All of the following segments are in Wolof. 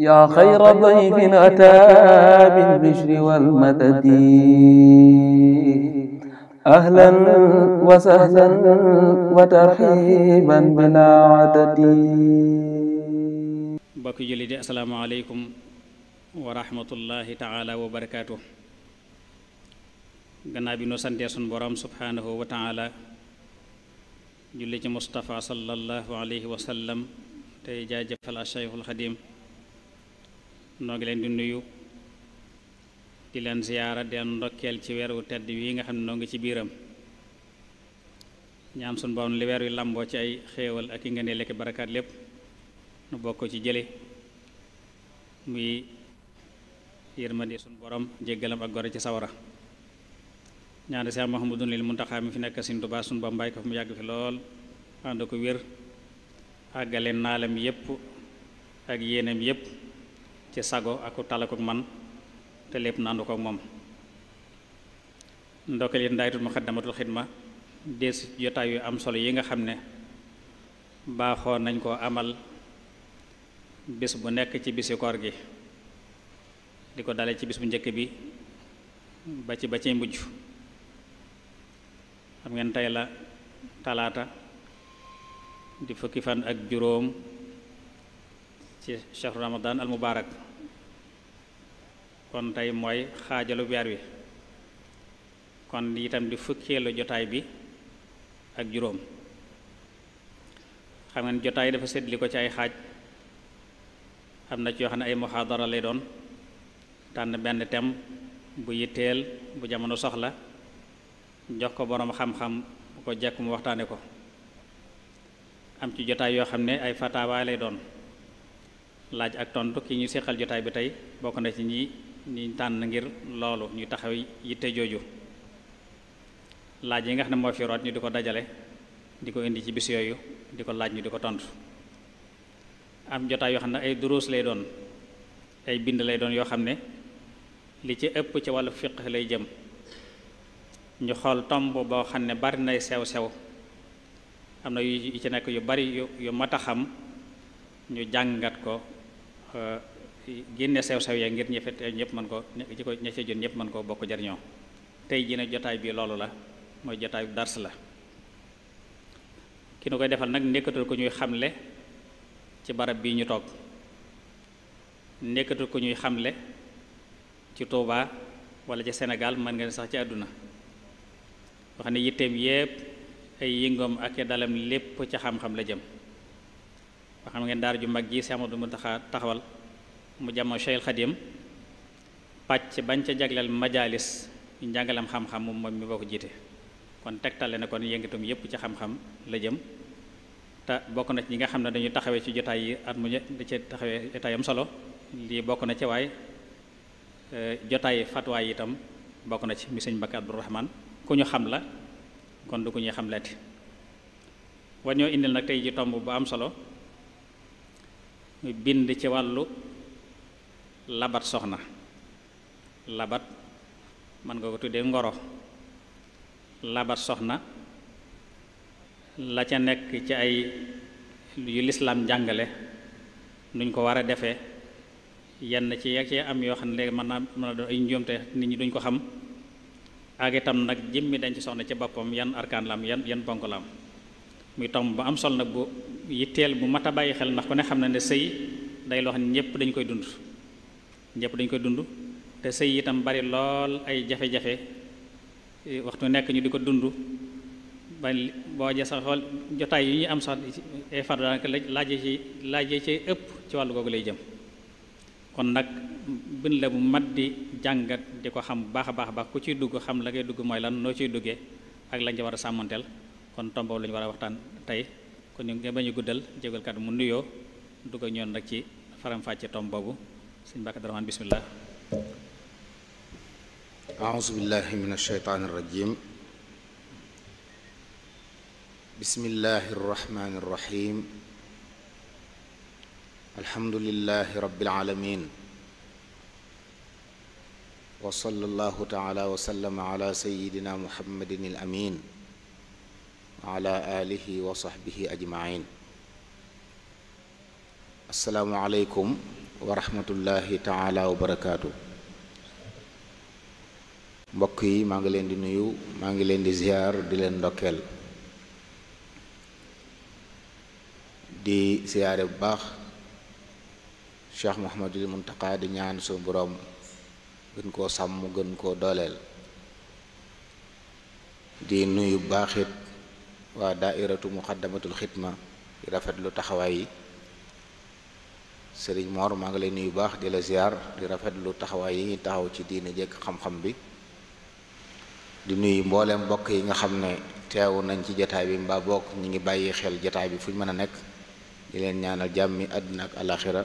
yaa xayra dayfin ataa bil bishri wal madadi ahlan wa sahlan wa tarxiiban bilaa adadi mbokk julli di assalaamu aleykum wa rahmatullahi taala wa barakaatu gannaaw bi nu santee sun borom subhaanahu wa taala julli ci Mustafa sallallahu alayhi wa sallam tey jaajëfal Cheikhul Xadim noo leen di nuyu di leen ziyaara di leen ndokkeel ci weer wu tedd wii nga xam ne noo ngi ci biiram ñaan sunu borom li weer wi làmboo ci ay xéewal ak i ngëneel lekk barakaat lépp nu bokk ci jële muy yërmande sunu borom jéggalam ak gore ci sawara ñaan Seex Muhammadun lil Muntaxa mi fi nekk sintu Tuubaa sunu borom bàyyi ko fi mu yàgg fi lool ànd ko wér àggale naalam yépp ak yéenam yépp ci sago aku talakuk man te lépp nandu ko moom ndokkeel it ndaaytul muxaddamatul xidma des jotaay yu am solo yi nga xam ne baaxoo nañ koo amal bés bu nekk ci bisi gi di ko dalee ci bis bu njëkk bi ba ci ba ci mujj xam ngeen tey la talaata di fukki fan ak juróom ci shahru ramadan al mubaarak kon tey mooy xaajalu weer wi kon itam di fukkeelu jotaay bi ak juróom xam ngeen jotaay dafa séddli ko ci ay xaaj am na ci yoo xam ne ay muxaadara lay doon tànn benn thème bu yitteel bu jamono soxla jox ko boroom xam-xam bu ko jekk mu waxtaane ko am ci jotaay yoo xam ne ay fataawaay lay doon laaj ak tontu ki ñuy seqal jotaay bi tey bokk na ci ñi ñu tànn ngir loolu ñu taxaw yitte jooju laaj yi nga xam ne moo fi root ñu di ko dajale di ko indi ci bis yooyu di ko laaj ñu di ko tontu am jotaay yoo xam ne ay duruus lay doon ay bind lay doon yoo xam ne li ci ëpp ci wàllu fiqh lay jëm ñu xool tomb boo xam ne bari nay sew sew am na yu ci nekk yu bari yu yu mat a xam ñu jàngat ko euh, génne sew-sew ya ngir ñëfe ñëpp man ko ci ko ñëfe jot ñëpp mën koo bokk jariñoo tey jii nag jotaay bi loolu la mooy jotaay dars la ki nu koy defal nag nekkatul ko ñuy xamle ci barab bii ñu toog nekkatul ko ñuy xamle ci Touba wala ci Sénégal mën nga sax ci àdduna wax ne yitteem yépp ay yëngoom ak dalam lépp ci xam-xam la jëm ba xam ngeen daar ju mag ji Cheikh Amadou Mountakha taxawal mu jamoo Cheikh Xadim pàcc bañ ca jagleel majalis njàngalam xam-xam moom moom mi boo jiite kon tegtale na kon yëngatum yépp ci xam-xam la jëm ta bokk na ci ñi nga xam ne dañu taxawee ci jotaay yi at mu da ci taxawee jotaayam solo lii bokk na ci waaye e, jotaay fatwaay itam bokk na ci mi sëñ Mbakke Abdu Rahmaan ku ñu xam la kon du ku ñuy xam leeti war ñoo indil nag tey ji tomb bu am solo bind ci wàllu labat soxna labat mën nga ko tuddee ngoro labat soxna la ca nekk ci ay yu lislaam jàngale nuñ ko war a defee yenn ci yeg ci am yoo xam ne léegi mën naa mën na doon ay njuumte nit ñi duñ ko xam ak itam nag jëmmi dañ ci soxna ci boppam yan arkaan la am yan yan bonk la am muy tom bu am sol nag bu yitteel bu mat a bàyyi xel ndax ku ne xam na ne sëy day loxo xam ne ñëpp dañ koy dund ñëpp dañ koy dund te sëy itam bari lool ay jafe-jafe eh, waxtu nekk ñu di ko dund ba boo ja sax xool jotaay yi ñuy am sax ay far daanaka laaje ci laaje ci ëpp ci wàll googu lay jëm kon nag bin la bu mat di jàngat di ko xam baax a baax baax ku ciy dugg xam la ngay dugg mooy lan noo ciy duggee ak lañ ca war a sàmmanteel kon tombaw la war a waxtaan tey kon ñu nga ba a guddal jégal mu nuyoo dugg ñoon nag ci faramfàcce fàcce tomb boobu sëñ Mbàkke Abdurahmaan bismillah aawuzu billahi min ashaytaani rajim bismillahi arrahmaani arrahim alhamdulillahi rabbil alamin wa sallallahu taala wa sallama ala sayyidina muhammadin al amin wa ala alihi wa sahbihi ajmain assalaamu aleykum wa rahmatullahi taala wa barakaatu mbokk yi maa ngi leen di nuyu maa ngi leen di ziar di leen ndokkeel di ziare bu baax cheikh Muhammadul Muntaqa di ñaan suñu borom gën koo sàmm gën koo dooleel di nuyu baaxit waa daairatu muqaddamatul xidma di rafetlu taxawaay yi sëriñ moor maa ngi lay nuyu baax di la ziar di rafetlu taxawaay yi ñuy taxaw ci diine jekk xam-xam bi di nuyu mbooleem mbokk yi nga xam ne teewu nañ ci jataay bi mbaa bokk ñi ngi bàyyi xel jataay bi fu ñu mën a nekk di leen ñaanal jàmmi àddina ak alaxira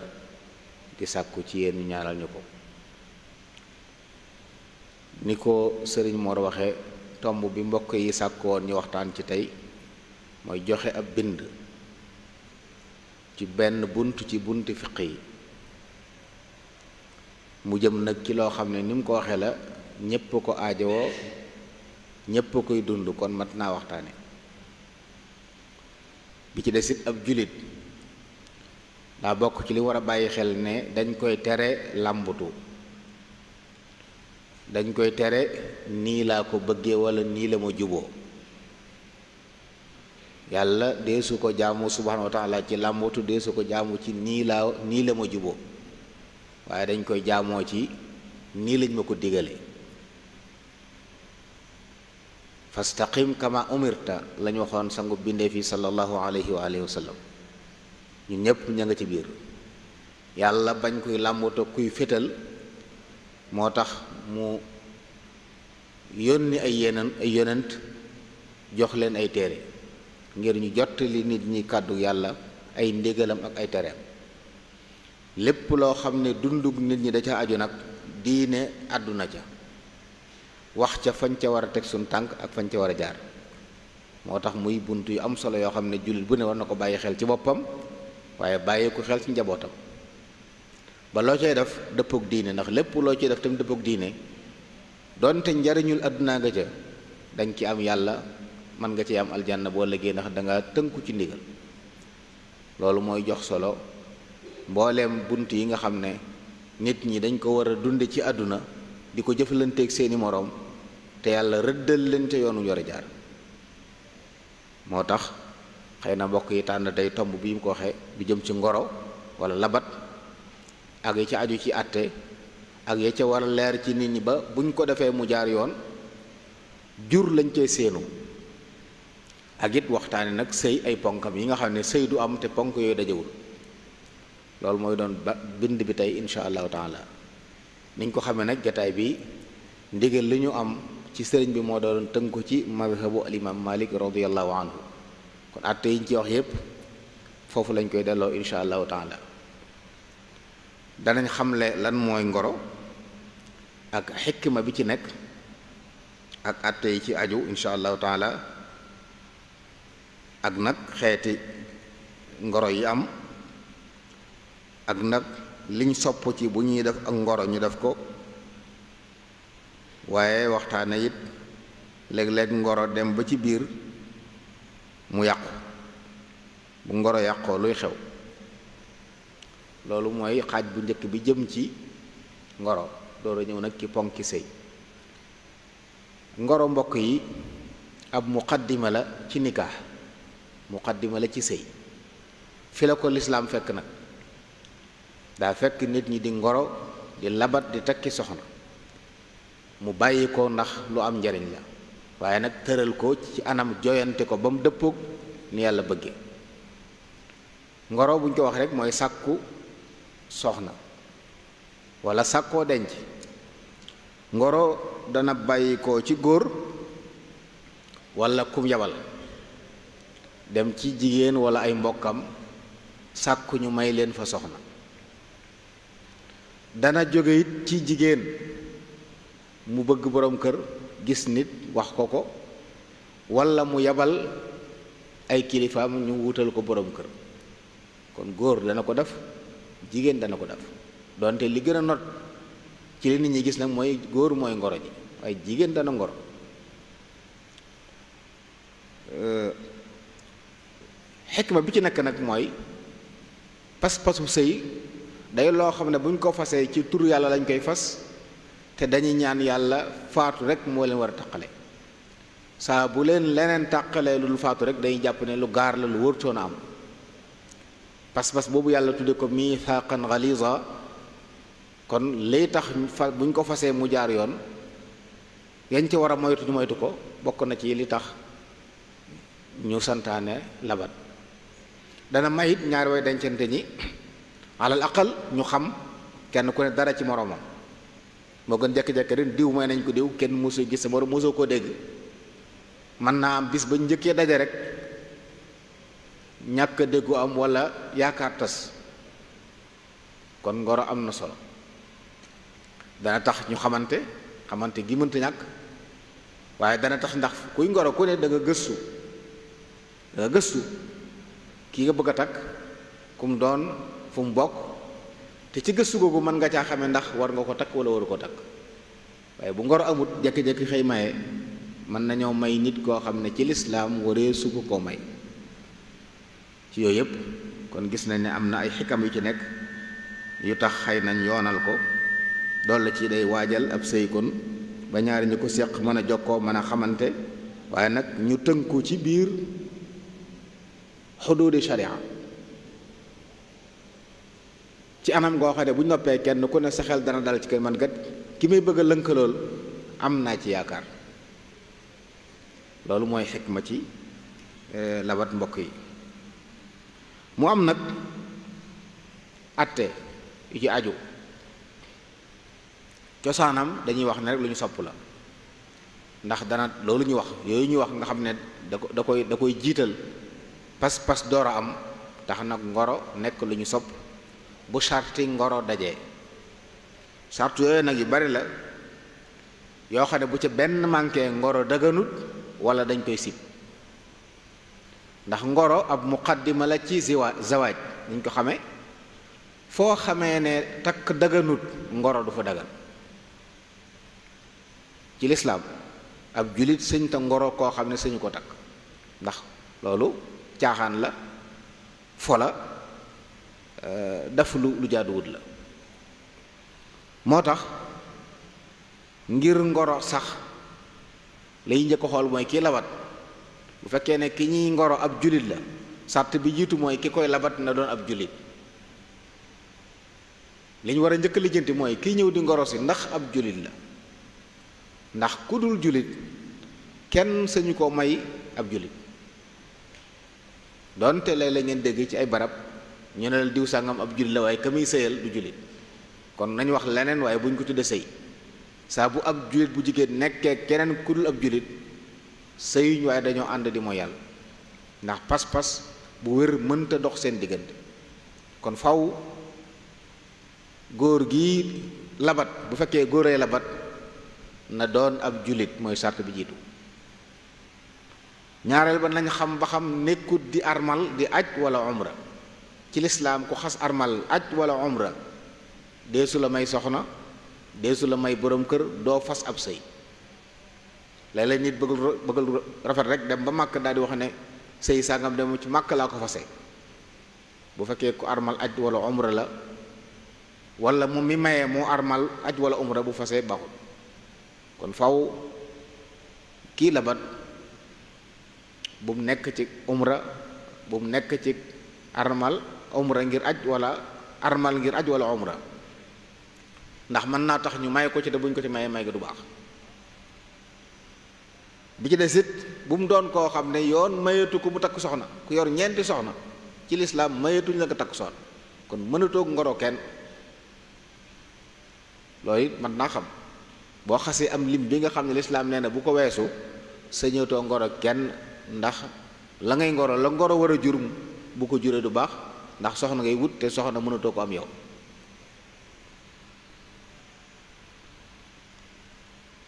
di sàkku ci yéen ñu ñaanal ñu ko ni ko sëriñ Mor waxee tomb bi mbokk yi sàkkoon ñu waxtaan ci tey mooy joxe ab bind ci benn bunt ci bunti fiq yi mu jëm nag ci loo xam ne ni mu ko waxee la ñépp ko aajowoo ñépp koy dund kon mat naa waxtaane bi ci des ab jullit daa bokk ci li war a bàyyi xel ne dañ koy tere làmbutu dañ koy tere nii laa ko bëggee walla nii la ma juboo yàlla deesu ko jaamu subhaanahu wa ci làmbatu deesu ko jaamu ci nii laa nii la ma juboo waaye dañ koy jaamoo ci nii lañ ma ko digale fastaqim kama umirta lañu waxoon sangu bindee fi sallallahu alayhi wa alihi wa ñu ñépp ña nga ci biir yàlla bañ kuy làmbatu kuy fétal moo tax mu yónni ay yeneen ay yonent jox leen ay téere ngir ñu jottali nit ñi kàddu yàlla ay ndégalam ak ay tereem lépp loo xam ne dundug nit ñi da ca aju nag diine àdduna ca wax ca fañ ca war a teg suñ tànk ak fañ ca war a jaar moo tax muy bunt yu am solo yoo xam ne jullit bu ne war na ko bàyyi xel ci boppam waaye bàyyi ko xel ci njabootam ba loo cay def dëppook diine ndax lépp loo ciy def tam dëppook diine donte njariñul àdduna nga ca dañ ci am yàlla mën nga ci am aljanna boo liggéey ndax danga tënku ci ndigal loolu mooy jox solo mbooleem bunt yi nga xam ne nit ñi dañ ko war a dunde ci àdduna di ko jëflanteeg seeni moroom te yàlla rëddal leen ca yoonu yore jaar moo tax xëy na mbokk yi tànn tey tomb bi ñu ko waxee bi jëm ci ngoro wala labat ak ya ca aju ci àtte ak ya ca war a leer ci nit ñi ba buñ ko defee mu jaar yoon jur lañ cay séenu ak it waxtaane nag sëy ay ponkam yi nga xam ne sëy du am te ponk yooyu dajewul loolu mooy doon ba bind bi tey insha allahu taala niñ ko xamee nag jataay bi ndigal li ñu am ci sëriñ bi moo doon tënku ci mazhabu alimaam malik radiallahu anhu kon àtte yi ñu ci wax yépp foofu lañ koy delloo insha allahu taala danañ xamle lan mooy ngoro ak xikma bi ci nekk ak àtte yi ci aju insha allahu taala ak nag xeeti ngoro yi am ak nag liñ sopp ci bu ñuy def ak ngoro ñu def ko waaye waxtaane it léeg-léeg ngoro dem ba ci biir mu yàqu bu ngoro yàqoo luy xew loolu mooy xaaj bu njëkk bi jëm ci ngoro door ñëw nag ki ponki sëy ngoro mbokk yi ab muqaddima la ci nikah muqaddima la ci sëy fi la ko lislaam fekk nag daa fekk nit ñi di ngoro di labat di takki soxna mu bàyyi ko ndax lu am njariñ la waaye nag tëral ko ci anam joyante ko ba mu dëppook ni yàlla bëgge ngoro bu ñu ko wax rek mooy sàkku soxna wala sàkkoo denc ngoro dana bàyyi ko ci góor wala kum yabal dem ci jigéen wala ay mbokkam sàkku ñu may leen fa soxna dana jóge it ci jigéen mu bëgg boroom kër gis nit wax ko ko wala mu yabal ay kilifaam ñu wutal ko boroom kër kon góor dana ko def jigéen dana ko def donte li gën a not ci li nit ñi gis nag mooy góor mooy ngoro ji waaye jigéen dana ngoro ma bi ci nakk nag mooy pas-pasu sëy day loo xam ne bu ñu ko fasee ci tur yàlla lañ koy fas te dañuy ñaan yàlla faatu rek moo leen war a taqale saa bu leen leneen tàqalee lu faatu rek dañuy jàpp ne lu gaar la lu wërtoon a am pas-pas boobu yàlla tudde ko mithaqan ghaliza kon lay tax fa bu ñu ko fasee mu jaar yoon yañ ci war a moytu ñu moytu ko bokk na ci li tax ñu santaane labat dana mayit ñaari way dencante ñi alal aqal ñu xam kenn ku ne dara ci moroomam moo gën jekki-jekki ren diw may nañ ko diw kenn mosoo gis sa moroom mosoo koo dégg mën naa am bis ba njëkkee daje rek ñàkk déggu am wala yaakaar tas kon ngoro am na solo dana tax ñu xamante xamante gi mënta ñàkk waaye dana tax ndax kuy ngoro ku ne da gëstu da gëstu kii nga bëgg a takk ku doon fu mu bokk te ci gëstu googu mën nga caa xamee ndax war nga ko takk wala waru ko takk waaye bu ngoro amut jékki-jékki xëy maye mën nañoo may nit koo xam ne ci lislaam waree sugu koo may ci yooyu yëpp kon gis nañ ni am na ay xikam yu ci nekk yu tax xëy nañ yoonal ko dool la ci day waajal ab sëy ba ñaari ñu ko seq mën a jog jokkoo mën a xamante waaye nag ñu tënku ci biir de sharia ci anam goo xam ne bu noppee kenn ku ne sa xel dana dal ci kër man gat ki may bëgg lënkalool am naa ci yaakaar loolu mooy ma ci euh, labat mbokk yi mu am nag atte yu ci aju cosaanam dañuy wax ne rek lu ñu sopp la ndax dana loolu ñu wax yooyu ñu wax nga xam ne da ko da koy da koy jiital pas-pas door a am tax nag ngoro nekk lu ñu sopp bu sarti ngoro dajee sartu yooyu nag yu bari la yoo xam ne bu ca benn manqué ngoro daganut wala dañ koy sib ndax ngoro ab muqaddima la ci ziwa zawaaj niñ ko xame foo xamee ne takk daganut ngoro du fa dagan ci lislaam ab julit sëñ ta ngoro koo xam ne sëñu ko takk ndax loolu caaxaan la fola euh, daf lu lu jaaduwut la moo tax ngir ngoro sax lañuy njëkk xool mooy kii labat bu fekkee ne ki ñuy ngoro ab jullit la sàrt bi jiitu mooy ki koy labat na doon ab jullit li ñu war a njëkk lijjanti mooy kiy ñëw di ngoro si ndax ab jullit la ndax ku dul jullit kenn sañu ko may ab jullit donte léeg-léeg ngeen dégg ci ay barab ñu ne la diw sàngam ab jullit la waaye ka muy sëyal du jullit kon nañ wax leneen waaye bu ñu ko tuddee sëy saa bu ab jullit bu jigéen nekkee keneen ku dul ab jullit sëyuñ waaye dañoo ànd di mooy yàlla ndax pas-pas bu wér mënta dox seen diggante kon faw góor gi labat bu fekkee góoree labat na doon ab jullit mooy sart bi jiitu ñaareel ba nañ xam ba xam nekkut di armal di aj wala omra ci lislaam ku xas armal aj wala omra deesu la may soxna deesu la may boroom kër doo fas ab sëy léeg-léeg nit bëggul rafet rek dem ba màkk daal di wax ne sëy sàngam dem ci màkk laa ko fase bu fekkee ku armal aj wala omra la wala moom mi mayee moo armal aj wala umra bu fasee baaxul kon faw kii labat bu mu nekk ci umra bu mu nekk ci armal umra ngir aj wala armal ngir aj wala umra ndax mën naa tax ñu may ko ci te buñ ko ci mayee may ga du baax bi ci des it bu mu doon koo xam ne yoon mayetu ko mu takk soxna ku yor ñeenti soxna ci lislaam mayetuñ la nga takk soxna kon mënatoog ngoro kenn loolu it mën naa xam boo xasee am lim bi nga xam ne lislaam nee na bu ko weesu sëñatoo ngoro kenn ndax la ngay ngoro la ngoro war a jur bu ko juree du baax ndax soxna ngay wut te soxna mënatoo ko am yow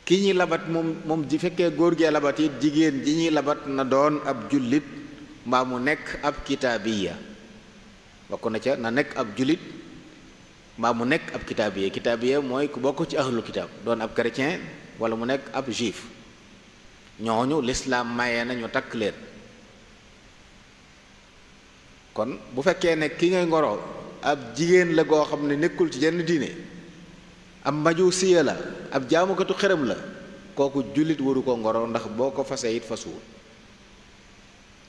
ki ñuy labat moom moom ji fekkee góor gee labat jigéen ji ñuy labat na doon ab jullit mbaa mu nekk ab kitaabiya bokk na ca na nekk ab jullit mbaa mu nekk ab kitaabiya kitaabiya mooy ku bokk ci ahlu kitaab doon ab chrétien wala mu nekk ab juif ñooñu lislaam maye na ñu takk leen kon bu fekkee ne ki ngay ngoro ab jigéen la goo xam ne nekkul ci jenn diine ab majusiya la ab jaamukatu xërëm la kooku jullit waru ko ngoro ndax boo ko fasee it fasuwul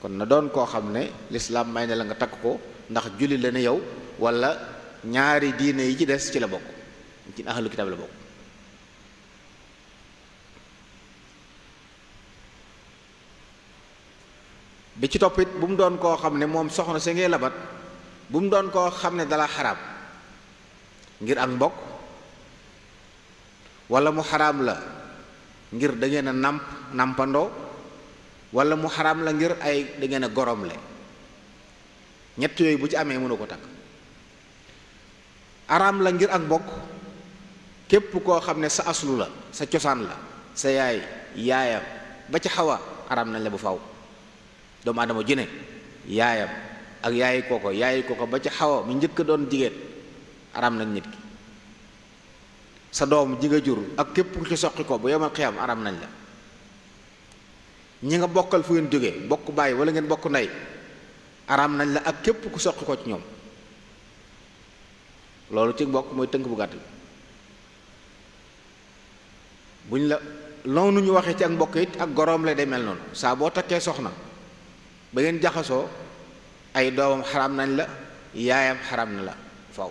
kon na doon koo xam ne lislaam may na la nga takk ko ndax jullit la ne yow walla ñaari diine yi ci des ci la bokk ci ahlu kitaab la bokk bi ci toppit bu mu doon koo xam ne moom soxna si ngay labat bu mu doon koo xam ne dala xaraam ngir ak mbokk walla mu xaram la ngir da ngeen nàmp nàmpandoo wala mu xaraam la ngir ay da ngeen a goromle ñett yooyu bu ci amee mënu ko takk aram la ngir ak mbokk képp koo xam ne sa aslu la sa cosaan la sa yaay yaayam ba ci xawa araam nañ la bu faw doomu aadama ju ne yaayam ak yaayi kooko yaayi kooko ba ci xawa mu njëkk doon jigéen araam nañ nit ki sa doom ji nga jur ak képp ku ci soqi ko bu yemal xiyam araam nañ la ñi nga bokkal fu ngeen jógee bokk bàyyi wala ngeen bokk ndey araam nañ la ak képp ku soqi ko ci ñoom loolu ci bokk mooy tënk bu gàtt bi buñ la noonu ñu waxee ci ak mbokk it ak goroom la lay mel noonu saa boo takkee soxna ba ngeen jaxasoo ay doomam xaram nañ la yaayam xaram na la faw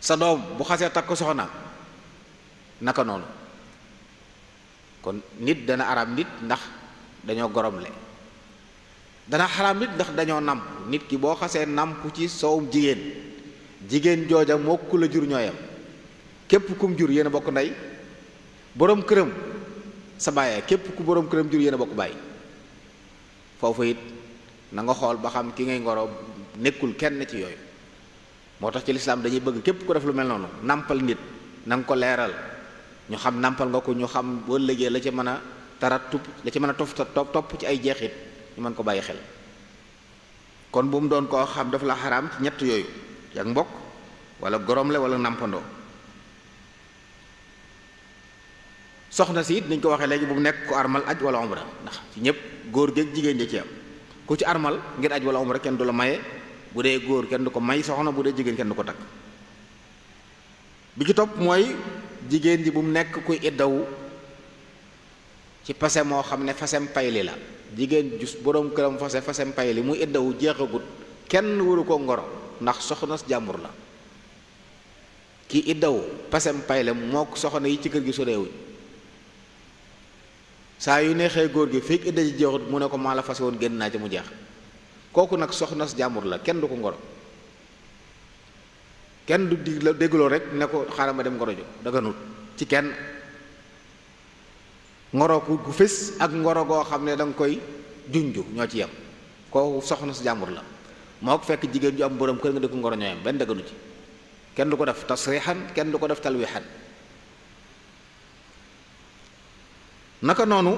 sa doom bu xasee takk soxna naka noonu kon nit dana araam nit ndax dañoo goromle dana xaraam nit ndax dañoo nàmp nit ki boo xasee nàmp ci soowum jigéen jigéen jooja moo ku la jur ñooyam képp kum jur yéen bokk ndey boroom këram sa baay képp ku boroom këram jur yéen bokk baay foofu it na nga xool ba xam ki ngay ngoro nekkul kenn ci yooyu moo tax ci lislaam dañuy bëgg képp ko def lu mel noonu nàmpal nit nanga ko leeral ñu xam nàmpal nga ko ñu xam boo lëgee la ci mën a tarat tupp la ci mën a tof topp ci ay jeexit ñu mën ko bàyyi xel kon bu mu doon koo xam daf la xaraam ci ñett yooyu yak mbokk wala gorom la wala nàmpandoo soxna siit it ko waxee léegi bu mu nekk ko armal aj wala umra ndax ci ñëpp góor géeg jigéen ja ci am ku ci armal ngir aj wala umra kenn du la maye bu dee góor kenn du ko may soxna bu dee jigéen kenn du ko takk bi ci topp mooy jigéen ji bu nekk kuy iddawu ci fase moo xam ne fasem payli la jigéen jus boroom këram fase fasem payli mu iddawu jeexagut kenn waru ko ngoro ndax soxna jàmbur la kii iddawu fasem payli moo soxna yi ci kër gi soreewuñ saa yu neexee góor gi fii idda ji mu ne ko maa la fase woon génn naa ci mu jeex kooku nag soxna soxnas jàmbur la kenn du ko ngoro kenn du dig la dégloo rek ne ko xaaral ma dem ngoro jo daganut ci kenn ngoro ku fis ak ngoro goo xam ne da nga koy junju ñoo ci yem kooku sa jàmbur la moo ko fekk jigéen ju am borom kër nga di ko ngoro ñoo yem benn daganu ci kenn du ko def tas tasrixan kenn du ko def talwixan naka noonu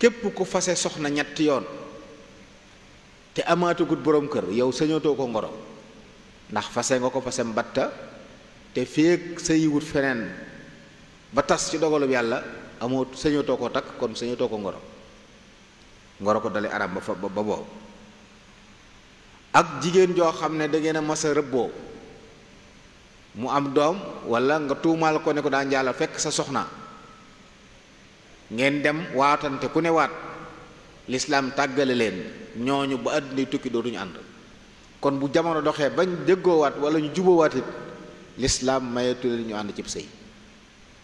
képp ku fase soxna ñetti yoon te amaatagut boroom kër yow sañatoo ko ngoro ndax fase nga ko fase mbatta te féeg sa yiwut feneen ba tas ci dogalub yàlla amoo sañatoo ko takk kon sañatoo ko ngoro ngoro ko dale aram ba boobu ak jigéen joo xam ne da ngeen a mas rëbboo mu am doom wala nga tuumaal ko ne ko daa njaala fekk sa soxna ngeen dem waatante ku ne waat lislaam tàggale leen ñooñu ba àdduna tukki dootuñu ànd kon bu jamono doxee bañ déggoowaat wala ñu juboowaat it lislaam mayetu leen ñu ànd cib sëy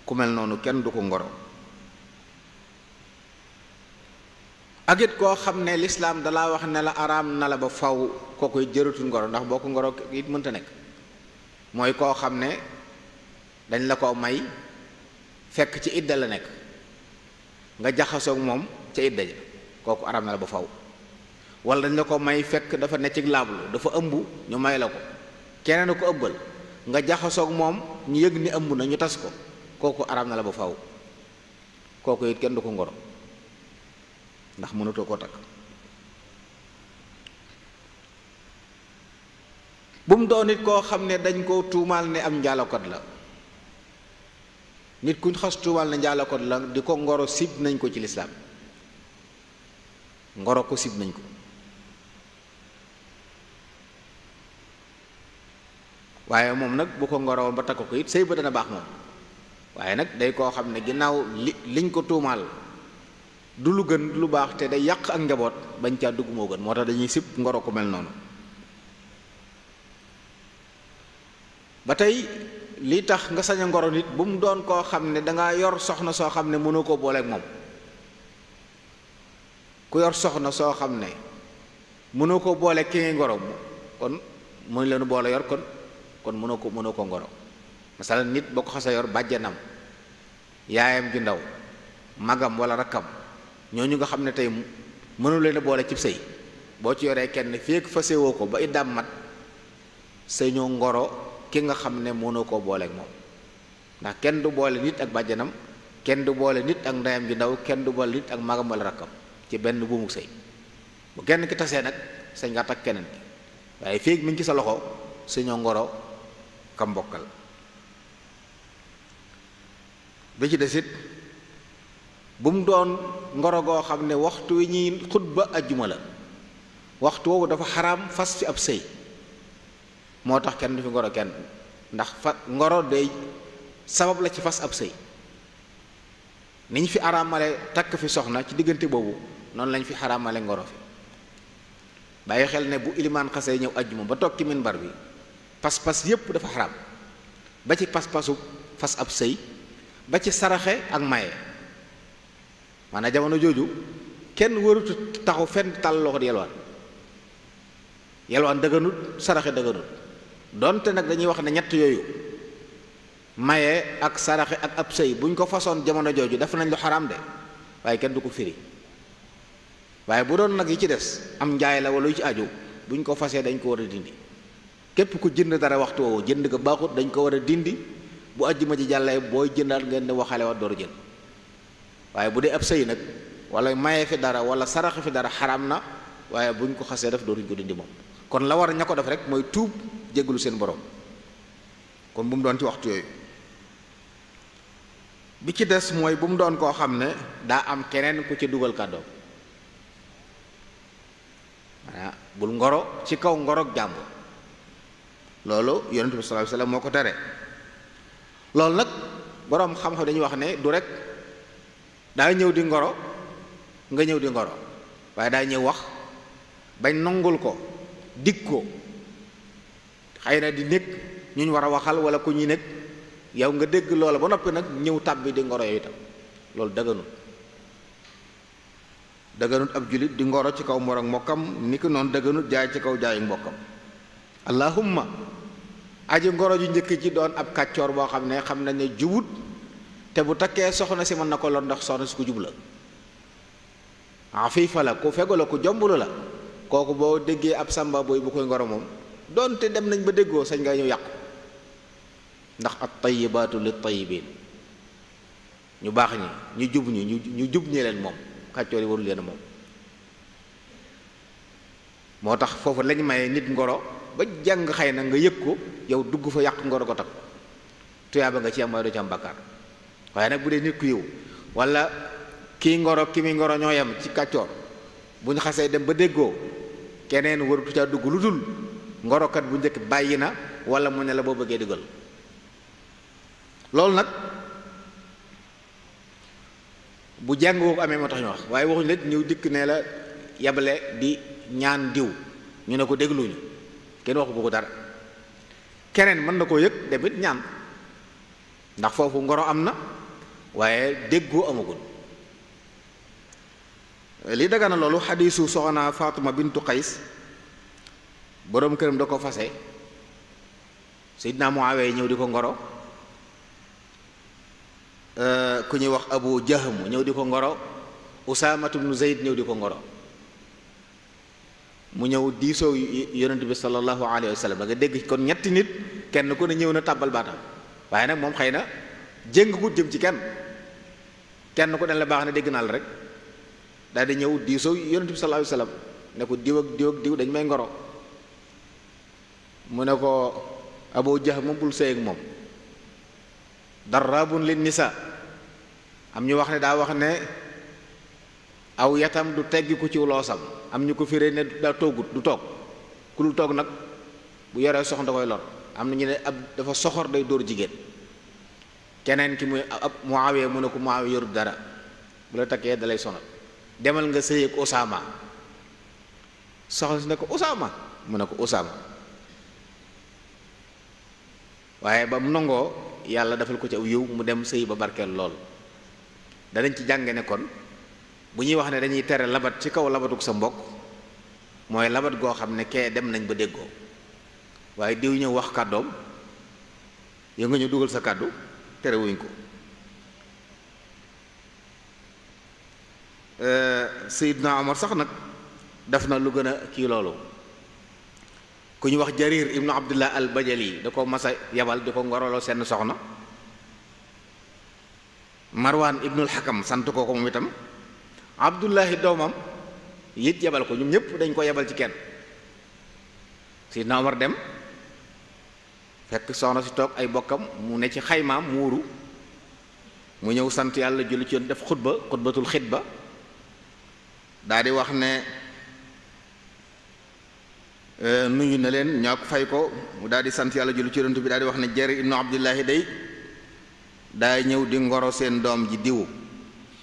ku mel noonu kenn du ko ngoro ak it koo xam ne lislaam dalaa wax nela la araam na ba faw koo koy jëratul ngoro ndax boo ko ngoro it mënta nekk mooy koo xam ne dañ la ko may fekk ci idda la nekk nga jaxasoog moom ca it daje kooku aram na la ba faw wala dañ la ko may fekk dafa ne laablu dafa ëmb ñu may la ko keneen a ko ëmbal nga jaxasoog moom ñu yëg ni ëmb na ñu tas ko kooku aram na la ba faw kooku it kenn du ko ngoro ndax mënatoo koo takk bu doon it koo xam ne dañ koo tuumaal ne am njaalokat la nit kuñ xas tuubaal na njaala ko la di ko ngoro sib nañ ko ci lislaam ngoro ko sib nañ ko waaye moom nag bu ko ngorowoon ba takk ko it sëy ba dana baax moom waaye nag day koo xam ne ginnaaw li liñ ko tuumaal du lu gën lu baax te day yàq ak njaboot bañ caa dugg moo gën moo tax dañuy sib ngoro ko mel noonu ba tey lii tax nga sañ ngoro nit bu mu doon koo xam ne dangaa yor soxna soo xam ne mënoo koo booleeg moom ku yor soxna soo xam ne mënoo koo booleeg ki ngay ngoro kon mënu leenu boole yor kon kon mënoo ko mënoo ko ngoro masalan nit boo ko xasee yor bàjjanam yaayam ju ndaw magam wala rakkam ñooñu nga xam ne tey mënu leen boole cib sëy boo ci yoree kenn fii ak fasewoo ko ba iddaam mat sëy ñoo ngoro ki nga xam ne mënoo koo booleeg moom ndax kenn du boole nit ak bàjjanam kenn du boole nit ak ndeyam ji ndaw kenn du boole nit ak magam wala rakkam ci benn buumug sëy bu kenn ki tasee nag sañ nga keneen ki waaye féeg mi ngi ci sa loxo suñoo ngoro kam mbokkal bi ci desit bu mu doon ngoro goo xam ne waxtu wi ñuy xutba ajjuma la waxtu woowu dafa xaraam fas ci ab sëy moo tax kenn du fi ngoro kenn ndax fa ngoro day sabab la ci fas ab sëy ni ñu fi araamale takk fi soxna ci diggante boobu noonu lañ fi araamale ngoro fi bàyyi xel ne bu ilimaan xasee ñëw ajjuma ba toog ci minbar bi pas-pas yépp dafa xaraam ba ci pas-pasu fas ab sëy ba ci saraxe ak maye maanaam jamono jooju kenn warutu taxu fenn tàll loxo di yelwaan yelwaan saraxe dëgganut donte nag dañuy wax ne ñett yooyu maye ak saraxe ak ab sëy bu ñu ko façon jamono jooju def nañ lu xaraam de waaye kenn du ko firi waaye bu doon nag yi ci des am njaay la wala yu ci aju bu ñu ko fasee dañ ko war a dindi képp ku jënd dara waxtu woowu jënd ko baaxut dañ ko war a dindi bu àjjuma ci jàllee booy jëndaat ngeen ne waxale wat door jënd waaye bu dee ab sëy nag wala maye fi dara wala saraxe fi dara xaram na waaye bu ñu ko xasee def dootuñ ko dindi moom kon la war ña ko def rek mooy tuub jéggalu seen borom kon bu mu doon ci waxtu yooyu bi ci des mooy bu mu doon koo xam ne daa am keneen ku ci dugal kàddoom bul ngoro ci kaw ngorog jàmbur loolu yonent bi sallallahu moo ko tere loolu nag boroom xam dañuy wax ne du rekk daa ñëw di ngoro nga ñëw di ngoro waaye daa ñëw wax bañ nangul ko dig ko xëy na di nekk ñu war a waxal wala ku ñuy nekk yow nga dégg loola ba noppi nag ñëw tàbbi di ngoro yooyu itam loolu daganut daganut ab jullit di ngoro ci kaw moroom mbokkam ni ki noonu daganut jaay ci kaw jaayu mbokkam allahumma aji ngoro ju njëkk ji doon ab kàccoor boo xam ne xam nañ ne jubut te bu takkee soxna si mën na ko lor ndax soxna si ku jub la afifa la ku fegu la ku jombulu la kooku boo déggee ab sàmba boy bu koy ngoro moom doonte dem nañ ba déggoo sañ nga ñëw yàqu ndax at tayibaatu lit tayibiin ñu baax ñi ñu jub ñi ñu jub ñi leen moom kàccoor yi warul leen moom moo tax foofu lañ maye nit ngoro ba jàng xëy na nga yëg ko yow dugg fa yàq ngoro ko takk tuyaaba nga ci am waaye doo ci bàkkaar waaye nag bu dee nit ku yiw wala kii ngoro ki mi ngoro ñoo yem ci kàccoor bu ñu xasee dem ba déggoo keneen warutu caa dugg lu dul ngorokat bu njëkk bàyyi na wala mu ne la boo bëggee dugal loolu nag bu jàng boobu amee moo tax ñu wax waaye waxuñu la ñëw dikk ne la yabale di ñaan diw ñu ne ko dégluñu kenn waxu ko dara keneen mën na koo yëg demit ñaan ndax foofu ngoro am na waaye déggoo amagul li daga na loolu xadiisu soxna Faatuma bintu Qays boroom këram da ko fase Seydina Muawiya ñëw di ko ngoro euh, ku ñuy wax Abu Jahm ñëw di ko ngoro Usaamatu bnu Zayd ñëw di ko ngoro mu ñëw diisoo yonent bi sallallahu alayhi wa sallam da dégg kon ñetti nit kenn ku ñëw na tàbbal baatam waaye nag moom xëy na jéng ku jëm ci kenn kenn ku dañ la baax na dégg naa la rek daal di ñëw diisoo yonent bi sallallahu alayhi wa sallam ko diw ak diw dañ may ngoro mu ne ko aboo abu ma bul moom ak moom darabun ni nisa am ñu wax ne daa wax ne aw yatam du teggi ko ci loosam am ñu ko firee ne daa toogut du toog ku dul toog nag bu yore soxna da koy am na ñu ne ab dafa soxor day dóor jigéen keneen ki muy ab Muawiya mu ne ko Muawiya yorut dara bu la takkee dalay sonal demal nga sëy ak Usaama soxna si ne ko osama mu ne ko Usaama waaye ba mu nangoo yàlla defal ko ci aw yiw mu dem sëy ba barkeel lool danañ ci jànge ne bu ñuy wax ne dañuy tere labat ci kaw labatug sa mbokk mooy labat goo xam ne kee dem nañ ba déggoo waaye diw ñëw wax kàddoom yow nga dugal sa kàddu terewuñ ko euh, Seydina Omar sax nag def na lu gën a kii loolu ku ñu wax jarir ibnu abdullah al bajali da ko masa yabal di ko ngoroloo seen soxna marwaan ibnul xakam sant koo ko moom itam abdullahi doomam yit yabal ko ñoom ñépp dañ ko yabal ci kenn sidna omar dem fekk soxna si toog ay bokkam mu ne ci xaymaam mu wóoru mu ñëw sant yàlla julli ci yoon def xutba xutbatul xitba daa di wax ne Euh, nuyu ne leen ñaa ko fay ko mu daal di sant yàlla lu ci yonent bi daal di wax ne Jarir ibnu Abdullahi day daa ñëw di ngoro seen doom ji diwu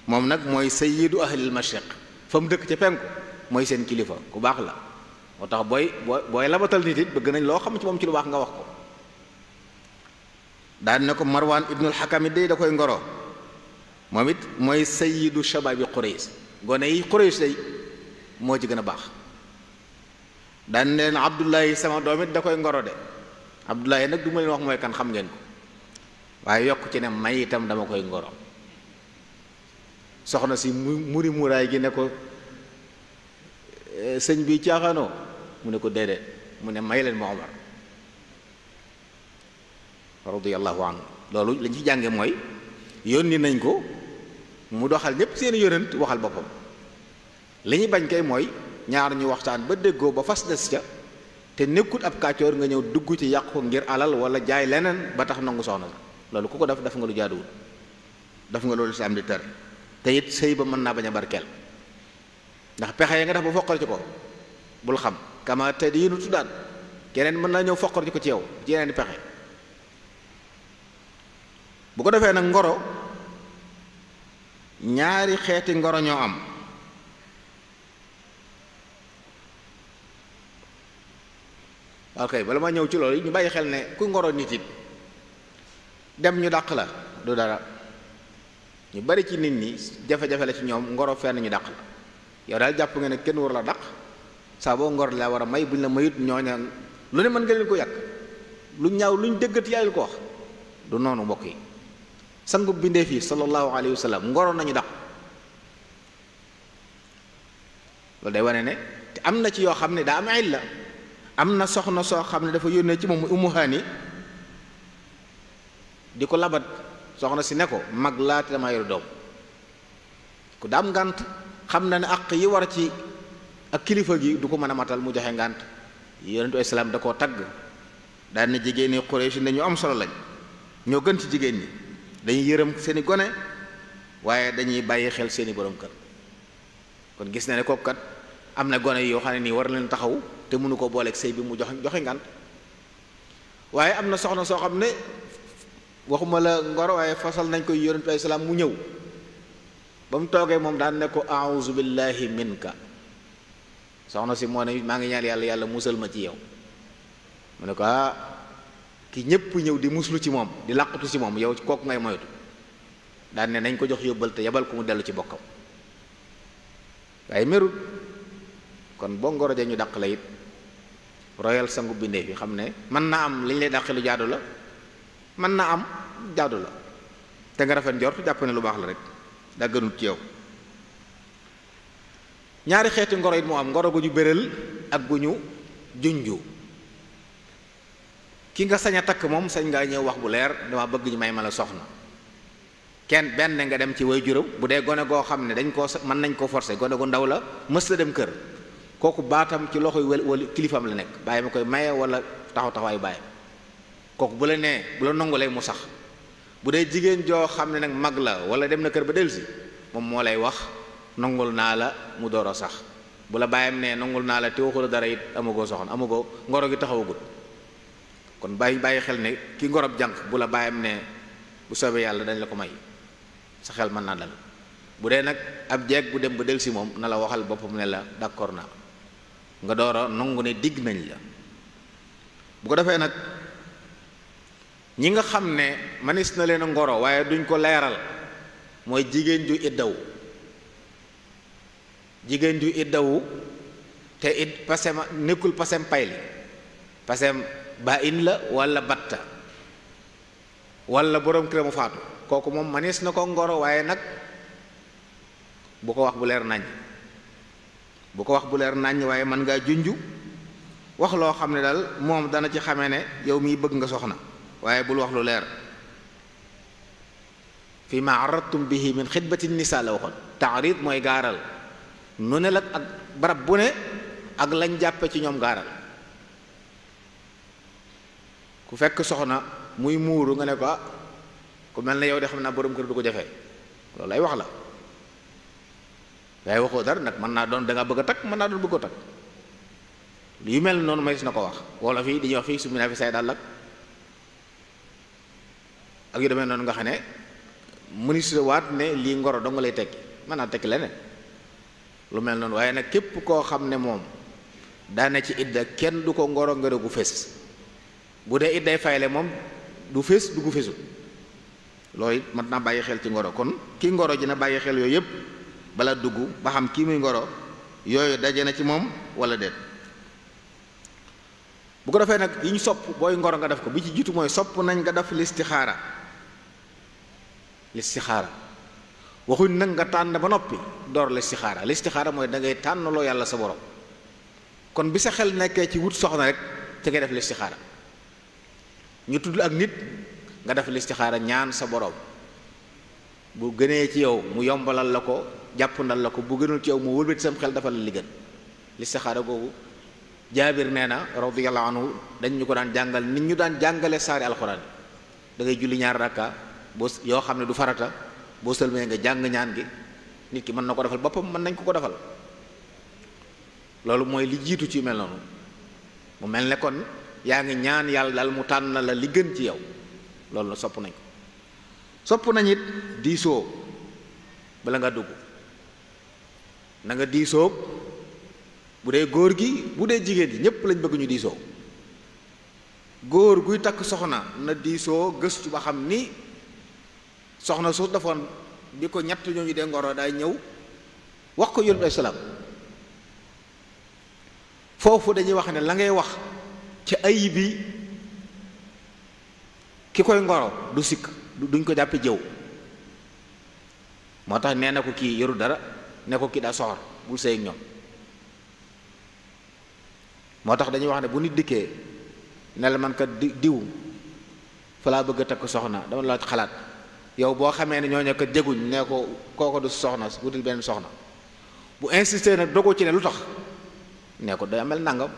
moom nag mooy sayyidu ahlil mashriq fa mu dëkk ca penku mooy seen kilifa ku baax la moo tax booy booy labatal nit it bëgg nañ loo xam ci moom ci lu baax nga wax ko daal ne ko marwaan ibnul xakam day da koy ngoro moom it mooy sayyidu shababi quraysh gone yi quraysh day moo ci gën a baax daan leen abdullahi sama doom it da koy ngoro de abdullahi nag du ma leen wax mooy kan xam ngeen ko waaye yokk ci ne may itam dama koy ngoro soxna si mu muri muraay gi ne ko eh, sëñ bi caaxaanoo mu ne ko déedéet mu ne may leen ma omar radiyallahu anhu loolu lañ ci jànge mooy yónni nañ ko mu doxal ñépp seeni yonent waxal boppam li ñu bañ kay mooy ñaar ñu waxtaan ba déggoo ba fas des ca te nekkut ab kàccoor nga ñëw dugg ci yàq ngir alal wala jaay leneen ba tax nangu soxna sa loolu ku ko def def nga lu jaaduwul def nga loolu lislaam di tere te it sëy ba mën naa bañ a barkeel ndax pexe ya nga def ba foqal ci ko bul xam kama te di yinu tuddaan keneen mën naa ñëw foqal ci ko ci yow ci yeneen pexe bu ko defee nag ngoro ñaari xeeti ngoro ñoo am waaw kay bala ma ñëw ci loolu ñu bàyyi xel ne ku ngoro nit it dem ñu dàq la du dara ñu bari ci nit ñi jafe-jafe la ci ñoom ngoro fenn ñu dàq la yow daal jàpp nga ne kenn war la dàq saa boo ngor la war a may buñ la mayut ñooña lu ne mën nga leen ko yàq lu ñaaw luñ dëggat yaayul ko wax du noonu mbokk yi sangub bindee fii sallallahu alayhi wa sallam ngoro nañu dàq loolu day wane ne te am na ci yoo xam ne daa am ay la am na soxna soo xam ne dafa yónnee ci moom mu umu di ko labat soxna si ne ko mag laa te dama yor doom ku daam ngànt xam na ne àq yi war a ci ak kilifa gi du ko mën a matal mu joxe ngànt yonentu islaam da koo tagg daan na jigéen ñi Quraysh am solo lañ ñoo gën ci jigéen ñi dañuy yërëm seeni gone waaye dañuy bàyyi xel seeni borom kër kon gis na ne kooku kat am na gone yoo xam ne nii war leen taxaw te mënu ko booleeg sëy bi mu jox joxe ngan waaye am na soxna soo xam ne waxuma la ngoro waaye fasal nañ koy yonent ay salaam mu ñëw ba mu toogee moom daan ne ko auzu minka soxna si moo ne maa ngi ñaan yàlla yàlla musal ma ci yow mu ne ko ah ki ñépp ñëw di muslu ci moom di làqatu ci moom yow ci kooku ngay moytu daan ne nañ ko jox yóbbal te yebal ko mu dellu ci bokkam waaye merut kon boo ngoro ja ñu dàq la it royal sangu bindéef bi xam ne mën naa am li ñu lay dàqe lu jaadu la mën naa am jaadu la te nga rafet njort jàpp ne lu baax la rek daa gënut ci yow ñaari xeeti ngoro it moo am ngoro gu ñu béral ak gu ñu junju ki nga sañ a takk moom sañ ngaa ñëw wax bu leer dama bëgg ñu may ma la soxna kenn benn nga dem ci way juróom bu dee gone goo xam ne dañ koo mën nañ koo forcer gone gu ndaw la mës la dem kër kooku baatam ci loxoy wala kilifaam la nekk bàyyi ma koy maye wala taxaw ay bàyyi kooku bu la nee bu la nongu lay mu sax bu dee jigéen joo xam ne nag mag la wala dem na kër ba dellusi moom moo lay wax nongul naa la mu door a sax bu la bàyyam ne nongul naa la te waxula dara it amagoo soxna amagoo ngoro gi taxawagul kon bàyyi bàyyi xel ne ki ngorob jànq bu la bàyyam ne bu soobee yàlla dañ la ko may sa xel mën naa dal bu dee nag ab jeeg bu dem ba dellusi moom na la waxal boppam ne la d'accord naa nga door a nangu ne digg nañ la bu ko defee nag ñi nga xam ne manis na leen ngoro waaye duñ ko leeral mooy jigéen ju iddawu jigéen ju iddawu te it pasem nekkul pasem payli pasem ba in la walla batta walla boroom këramu faatu kooku moom manis na ko ngoro waaye nag bu ko wax bu leer nañ bu ko wax bu leer nàññ waaye mën ngaa junju wax loo xam ne daal moom dana ci xame ne yow mii bëgg nga soxna waaye bul wax lu leer fi ma aradtum bihi min xitbati nisa la waxoon taarid mooy gaaral nu ne la ak barab bu ne ak lañ jàppe ci ñoom gaaral ku fekk soxna muy muuru nga ne ko ah, ku mel ne yow de xam naa borom kër du ko jafe loolu ay wax la waaye waxoo dara nag mën naa doon da bëgg a takk mën naa doon bëgg a takk yu mel noonu may su na ko wax wolof yi di wax fii summi naa fi say dàll ak ak yu demee noonu nga xam ne ministre waat ne lii ngoro dong lay tekki mën naa tekki leneen lu mel noonu waaye nag képp koo xam ne moom daana ci idda kenn du ko ngoro ngoro gu fés bu dee idday fayle moom du fës du gu fésul loolu it mat naa bàyyi xel ci ngoro kon ki ngoro ji na bàyyi xel yooyu yëpp bala dugg ba xam kii muy ngoro yooyu daje na ci moom wala déet bu ko defee nag yi ñu sopp booy ngoro nga def ko bi ci jiitu mooy sopp nañ nga def listixaara listixaara waxuñ nag nga tànn ba noppi door listixaara listixaara mooy da ngay tànnaloo yàlla sa borom kon bi sa xel nekkee ci wut soxna rek ci ngay def listixaara ñu tudd ak nit nga def listixaara ñaan sa boroom bu gënee ci yow mu yombalal la ko jàpp ndal la ko bu gënul ci yow mu wëlbati sam xel dafa la li gën listixaara googu jaabir nee na radiyallahu anhu dañ ñu ko daan jàngal nit ñu daan jàngale saari alxuraan da ngay julli ñaar yoo xam ne du farata boo sëlmee nga jàng ñaan gi nit ki mën na ko defal boppam mën nañ ko ko defal loolu mooy li jiitu ci mel noonu mu mel ne kon yaa ngi ñaan yàlla daal mu tànn la li gën ci yow loolu sopp nañ ko sopp nañ it diisoo bala nga dugg nanga nga diisoo bu dee góor gi bu dee jigéen ji ñépp lañ bëgg ñu diisoo góor guy takk soxna na diisoo gëstu ba xam ni soxna su defoon bi ko ñett ñooñu dee ngoro daay ñëw wax ko yónent ay foofu dañuy wax ne la ngay wax ci ay bi ki koy ngoro du sikk duñ ko jàppe jëw moo tax nee na ko kii yoru dara ne ko kii daa soxor bul sëy ak ñoom moo tax dañuy wax ne bu nit dikkee ne la man kat diw fa laa bëgg a takk soxna dama la xalaat yow boo xamee ne ñooñu kat jeguñ ne ko kooko du soxna wutil benn soxna bu insister nag dogu ci ne lu tax ne ko day amel nangam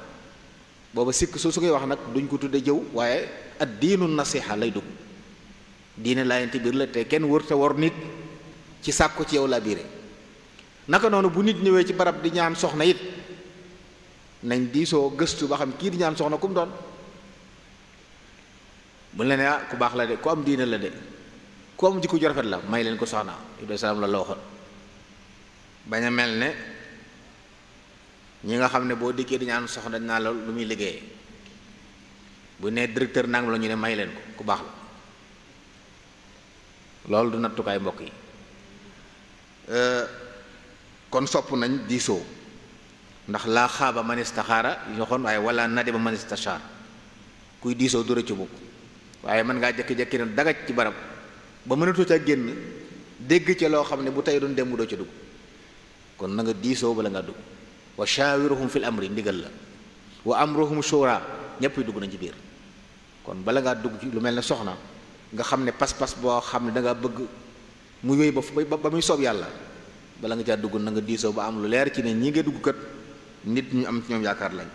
booba sikk su su koy wax nag duñ ko tudde jëw waaye at diinu nasiha lay dugg diine laayante biir la te kenn wërta war nit ci sàkku ci yow laa biire naka noonu bu nit ñëwee ci barab di ñaan soxna it nañ diisoo gëstu ba xam kii di ñaan soxna ku mu doon buñ la ne ah ku baax la de ku am diina la de ku am jikko ju rafet la may leen ko soxna Ibrahima salaam la la bañ a mel ne ñi nga xam ne boo dikkee di ñaan soxna dinaa la lu muy liggéeyee bu nee directeur nangam la ñu ne may leen ko ku baax la loolu du nattukaay mbokk yi. Euh, kon sopp nañ diisoo ndax laa xaaba man istaxaara yoxoon waaye wala nadiba man istaxaar kuy diisoo du rëcc mukk waaye mën ngaa jëkk jékki ne dagaj ci barab ba mënatu ca génn dégg ca loo xam ne bu tey doon dem doo ca dugg kon na nga diisoo bala ngaa dugg wa shaawiruhum fil amri ndigal la wa amruhum shura ñépp dugg nañ ci biir kon bala ngaa dugg ci lu mel ne soxna nga xam ne pas-pas boo xam ne da bëgg mu wéy ba ba muy soob yàlla bala nga caa dugg na nga diisoo ba am lu leer ci ne ñi nga dugg kat nit ñu am ci ñoom yaakaar lañ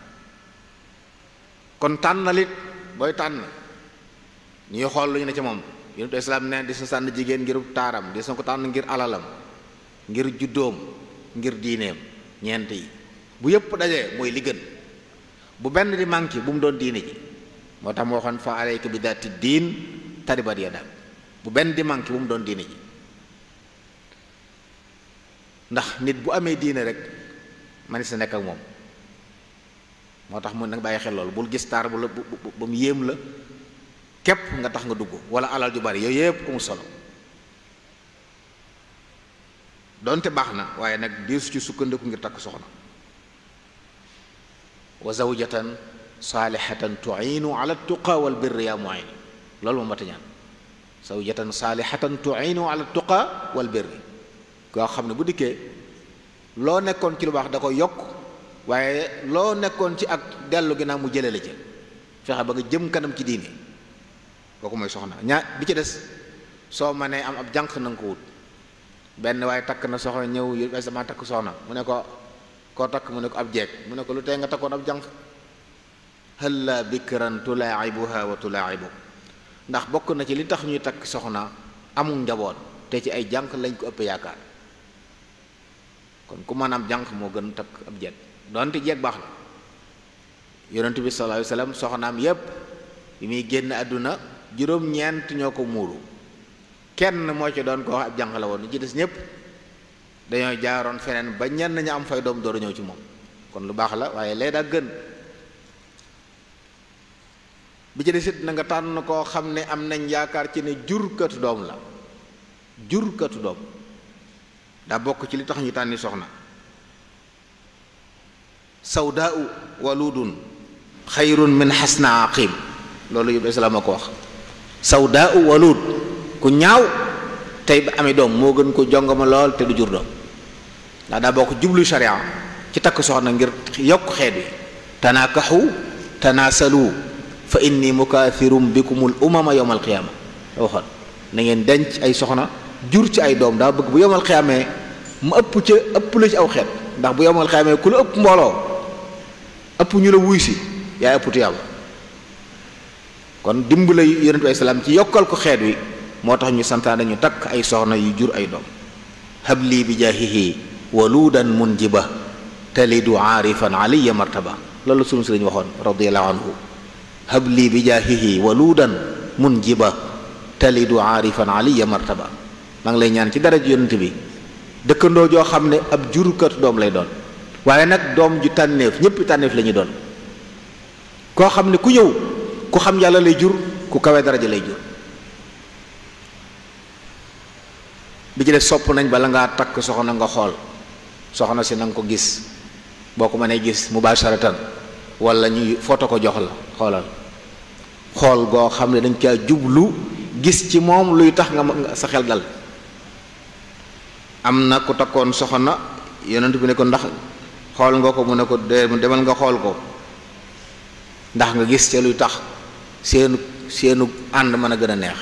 kon tànnalit booy tànn ñuy xool lu ñu ne ci moom yonentu islaam ne di sa sànn jigéen ngir taaram di sa ko tànn ngir alalam ngir juddoom ngir diineem ñeent yi bu yépp dajee mooy li gën bu benn di manqué bu mu doon diine ji moo tax mu waxoon fa aleyka bi daati diin taribat yadam bu benn di manqué bu mu doon diine ji ndax nit bu amee diine rek man si nekk ak moom moo tax mu nag bàyyi xel loolu bul gis taar bu la ba mu yéem la képp nga tax nga dugg wala alal ju bari yooyu yëpp mu solo donte baax na waaye nag diir su ci sukkandiku ngir takk soxna wa zawjatan saalihatan tu'inu ala tuqa wal birri yaa mu'in loolu moom mata ñaan zawjatan saalihatan tu'inu ala tuqa wal birri koo xam ne bu dikkee loo nekkoon ci lu baax da ko yokk waaye loo nekkoon ci ak dellu ginnaaw mu jëlee la ci fexe ba nga jëm kanam ci diini kooku mooy soxna ñaa bi ci des soo nee am ab jànq na nga ko wut benn waaye takk na soxna ñëw yu bees damaa takk soxna mu ne ko koo takk mu ne ko ab jeeg mu ne ko lu tey nga takkoon ab jànq halla bikran tulaayibuha wa tulaayibu ndax bokk na ci li tax ñuy takk soxna amul njaboon te ci ay jànq lañ ko ëpp yaakaar kon ku mën am jànq moo gën takk ab jeeg dont jeeg baax na yonent bi sallallahu alayhi wasallam soxnaam yépp yi muy génn àdduna juróom-ñeent ñoo ko muuru kenn moo ci doon ko wax ab ci des ñépp dañoo jaaroon feneen ba ñenn ñu am fay doom door ñëw ci moom kon lu baax la waaye lee daa gën bi ci desit na nga tànn koo xam ne am nañ yaakaar ci ne jurkatu doom la jurkatu doom daa bokk ci li tax ñu tànni soxna sawdaa'u waludun xayrun min xasna aqim loolu yóbbu islaam a ko wax sawdaa'u walud ku ñaaw tey ba amee doom moo gën ko jongama lool te du jur doom ndax daa bokk jublu sharia ci takk soxna ngir yokk xeet wi tanaakaxu tanaasalu fa inni mukaathirum bikumul umama yowmal qiyaama waxoon na ngeen denc ay soxna jur ci ay doom daa bëgg bu yomal xiyamee mu ëpp ca ëpp la ci aw xeet ndax bu yomal xiyamee ku la ëpp mbooloo ëpp ñu la wuy si yaa ëpp tuyaaba kon dimbale yonent bi ay salaam ci yokkal ko xeet wi moo tax ñu santaane ñu takk ay soxna yu jur ay doom lii bi jaahihi waluudan munjiba talidu aarifan aliya martaba loolu sunu sëriñ waxoon radiallahu anhu habli bi jaahihi waluudan munjiba talidu aarifan aliya martaba maa ngi lay ñaan ci dara ji yonent bi dëkkandoo joo xam ne ab jurukatu doom lay doon waaye nag doom ju tànneef ñëpp tànneef la doon koo xam ne ku ñëw ku xam yàlla lay jur ku kawe daraja lay jur bi ci sopp nañ bala ngaa takk soxna nga xool soxna si nanga ko gis boo ko mënee gis mubasharatan wala ñuy foto ko jox la xoolal xool goo xam ne dañ caa jublu gis ci moom luy tax nga sa xel dal am na ku takkoon soxna yonent bi ne ko ndax xool nga ko mu ne ko dee mu demal nga xool ko ndax nga gis ca luy tax seenu seenu ànd mën a gën a neex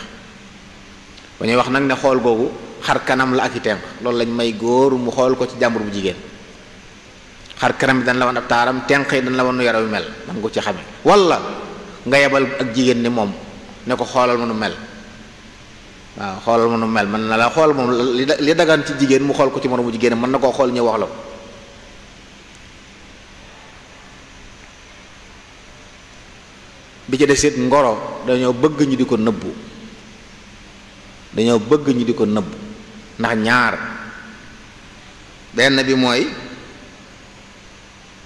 ba ñuy wax nag ne xool googu xar kanam la ak i tenq loolu lañ may góor mu xool ko ci jàmbur bu jigéen xar kanam bi dañ la wan ab taaram tenq yi dañ la wan nu yaraw mel man ko ci xame walla nga yebal ak jigéen ni moom ne ko xoolal ma mel waaw xoolal ma nu mel mën na la xool moom li dagaan ci jigéen mu xool ko ci moromu jigéen mën na koo xool ñëw wax la ko bi ci def it ngoro dañoo bëgg ñu di ko nëbbu dañoo bëgg ñu di ko nëbbu ndax ñaar benn bi mooy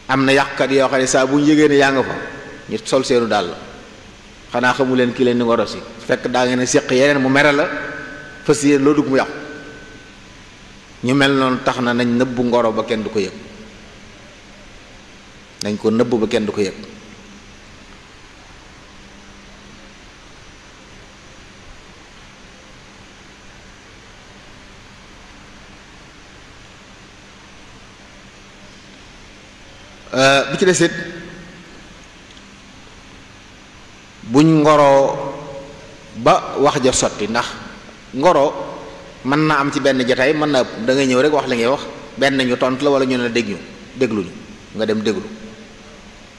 am na yàqkat yoo xam ne saa bu ñu yëgee ne yaa fa ñu sol seenu dàll xanaa xamu leen ki leen di ngoro si fekk daa ngeen séq yeneen mu mere la fas yéen loo dugg mu yàqu ñu mel noonu tax na nañ nëbbu ngoro ba kenn du ko yëg nañ ko nëbbu ba kenn du ko yëg euh, bu ci desit buñ ngoro ba wax ja sotti ndax ngoro mën naa am ci benn jataay mën naa dangay ñëw rek wax li ngay wax benn ñu tontu la wala ñu ne dégg ñu dégluñu nga dem déglu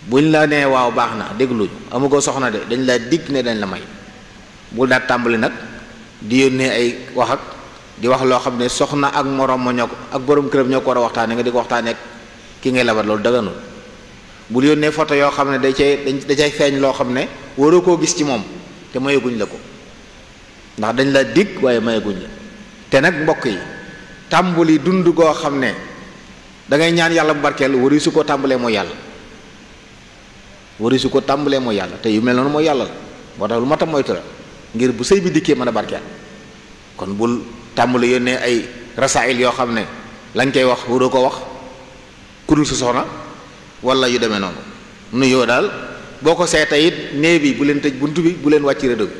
buñ la nee waaw baax na dégluñu amugoo soxna de dañ la digg ne dañ la may bul daal tàmbali nag di yónnee ay wax ak di wax loo xam ne soxna ak morom ma ñoo ko ak borom këram ñoo ko war a waxtaanee nga di ko waxtaanee ak ki ngay labat loolu daganul bul yónnee photo yoo xam ne da dañ da cay feeñ loo xam ne waroo koo gis ci moom te mayeguñ la ko ndax dañ la dig waaye mayeguñ la te nag mbokk yi tàmbuli dund goo xam ne dangay ñaan yàlla bu barkeel wari su ko tàmbalee moo yàlla wari ko tàmbalee mooy yàlla te yu mel noonu mooy yàlla la moo tax lu ma tam moytu la ngir bu sëy bi dikkee mën a barkeel kon bul tàmbali yónnee ay rasaayil yoo xam ne lañ koy wax waroo ko wax kudul su soxna wala yu demee noonu nuyoo daal boo ko seeta it néeg bi bu leen tëj bunt bi bu leen wàcc rido bi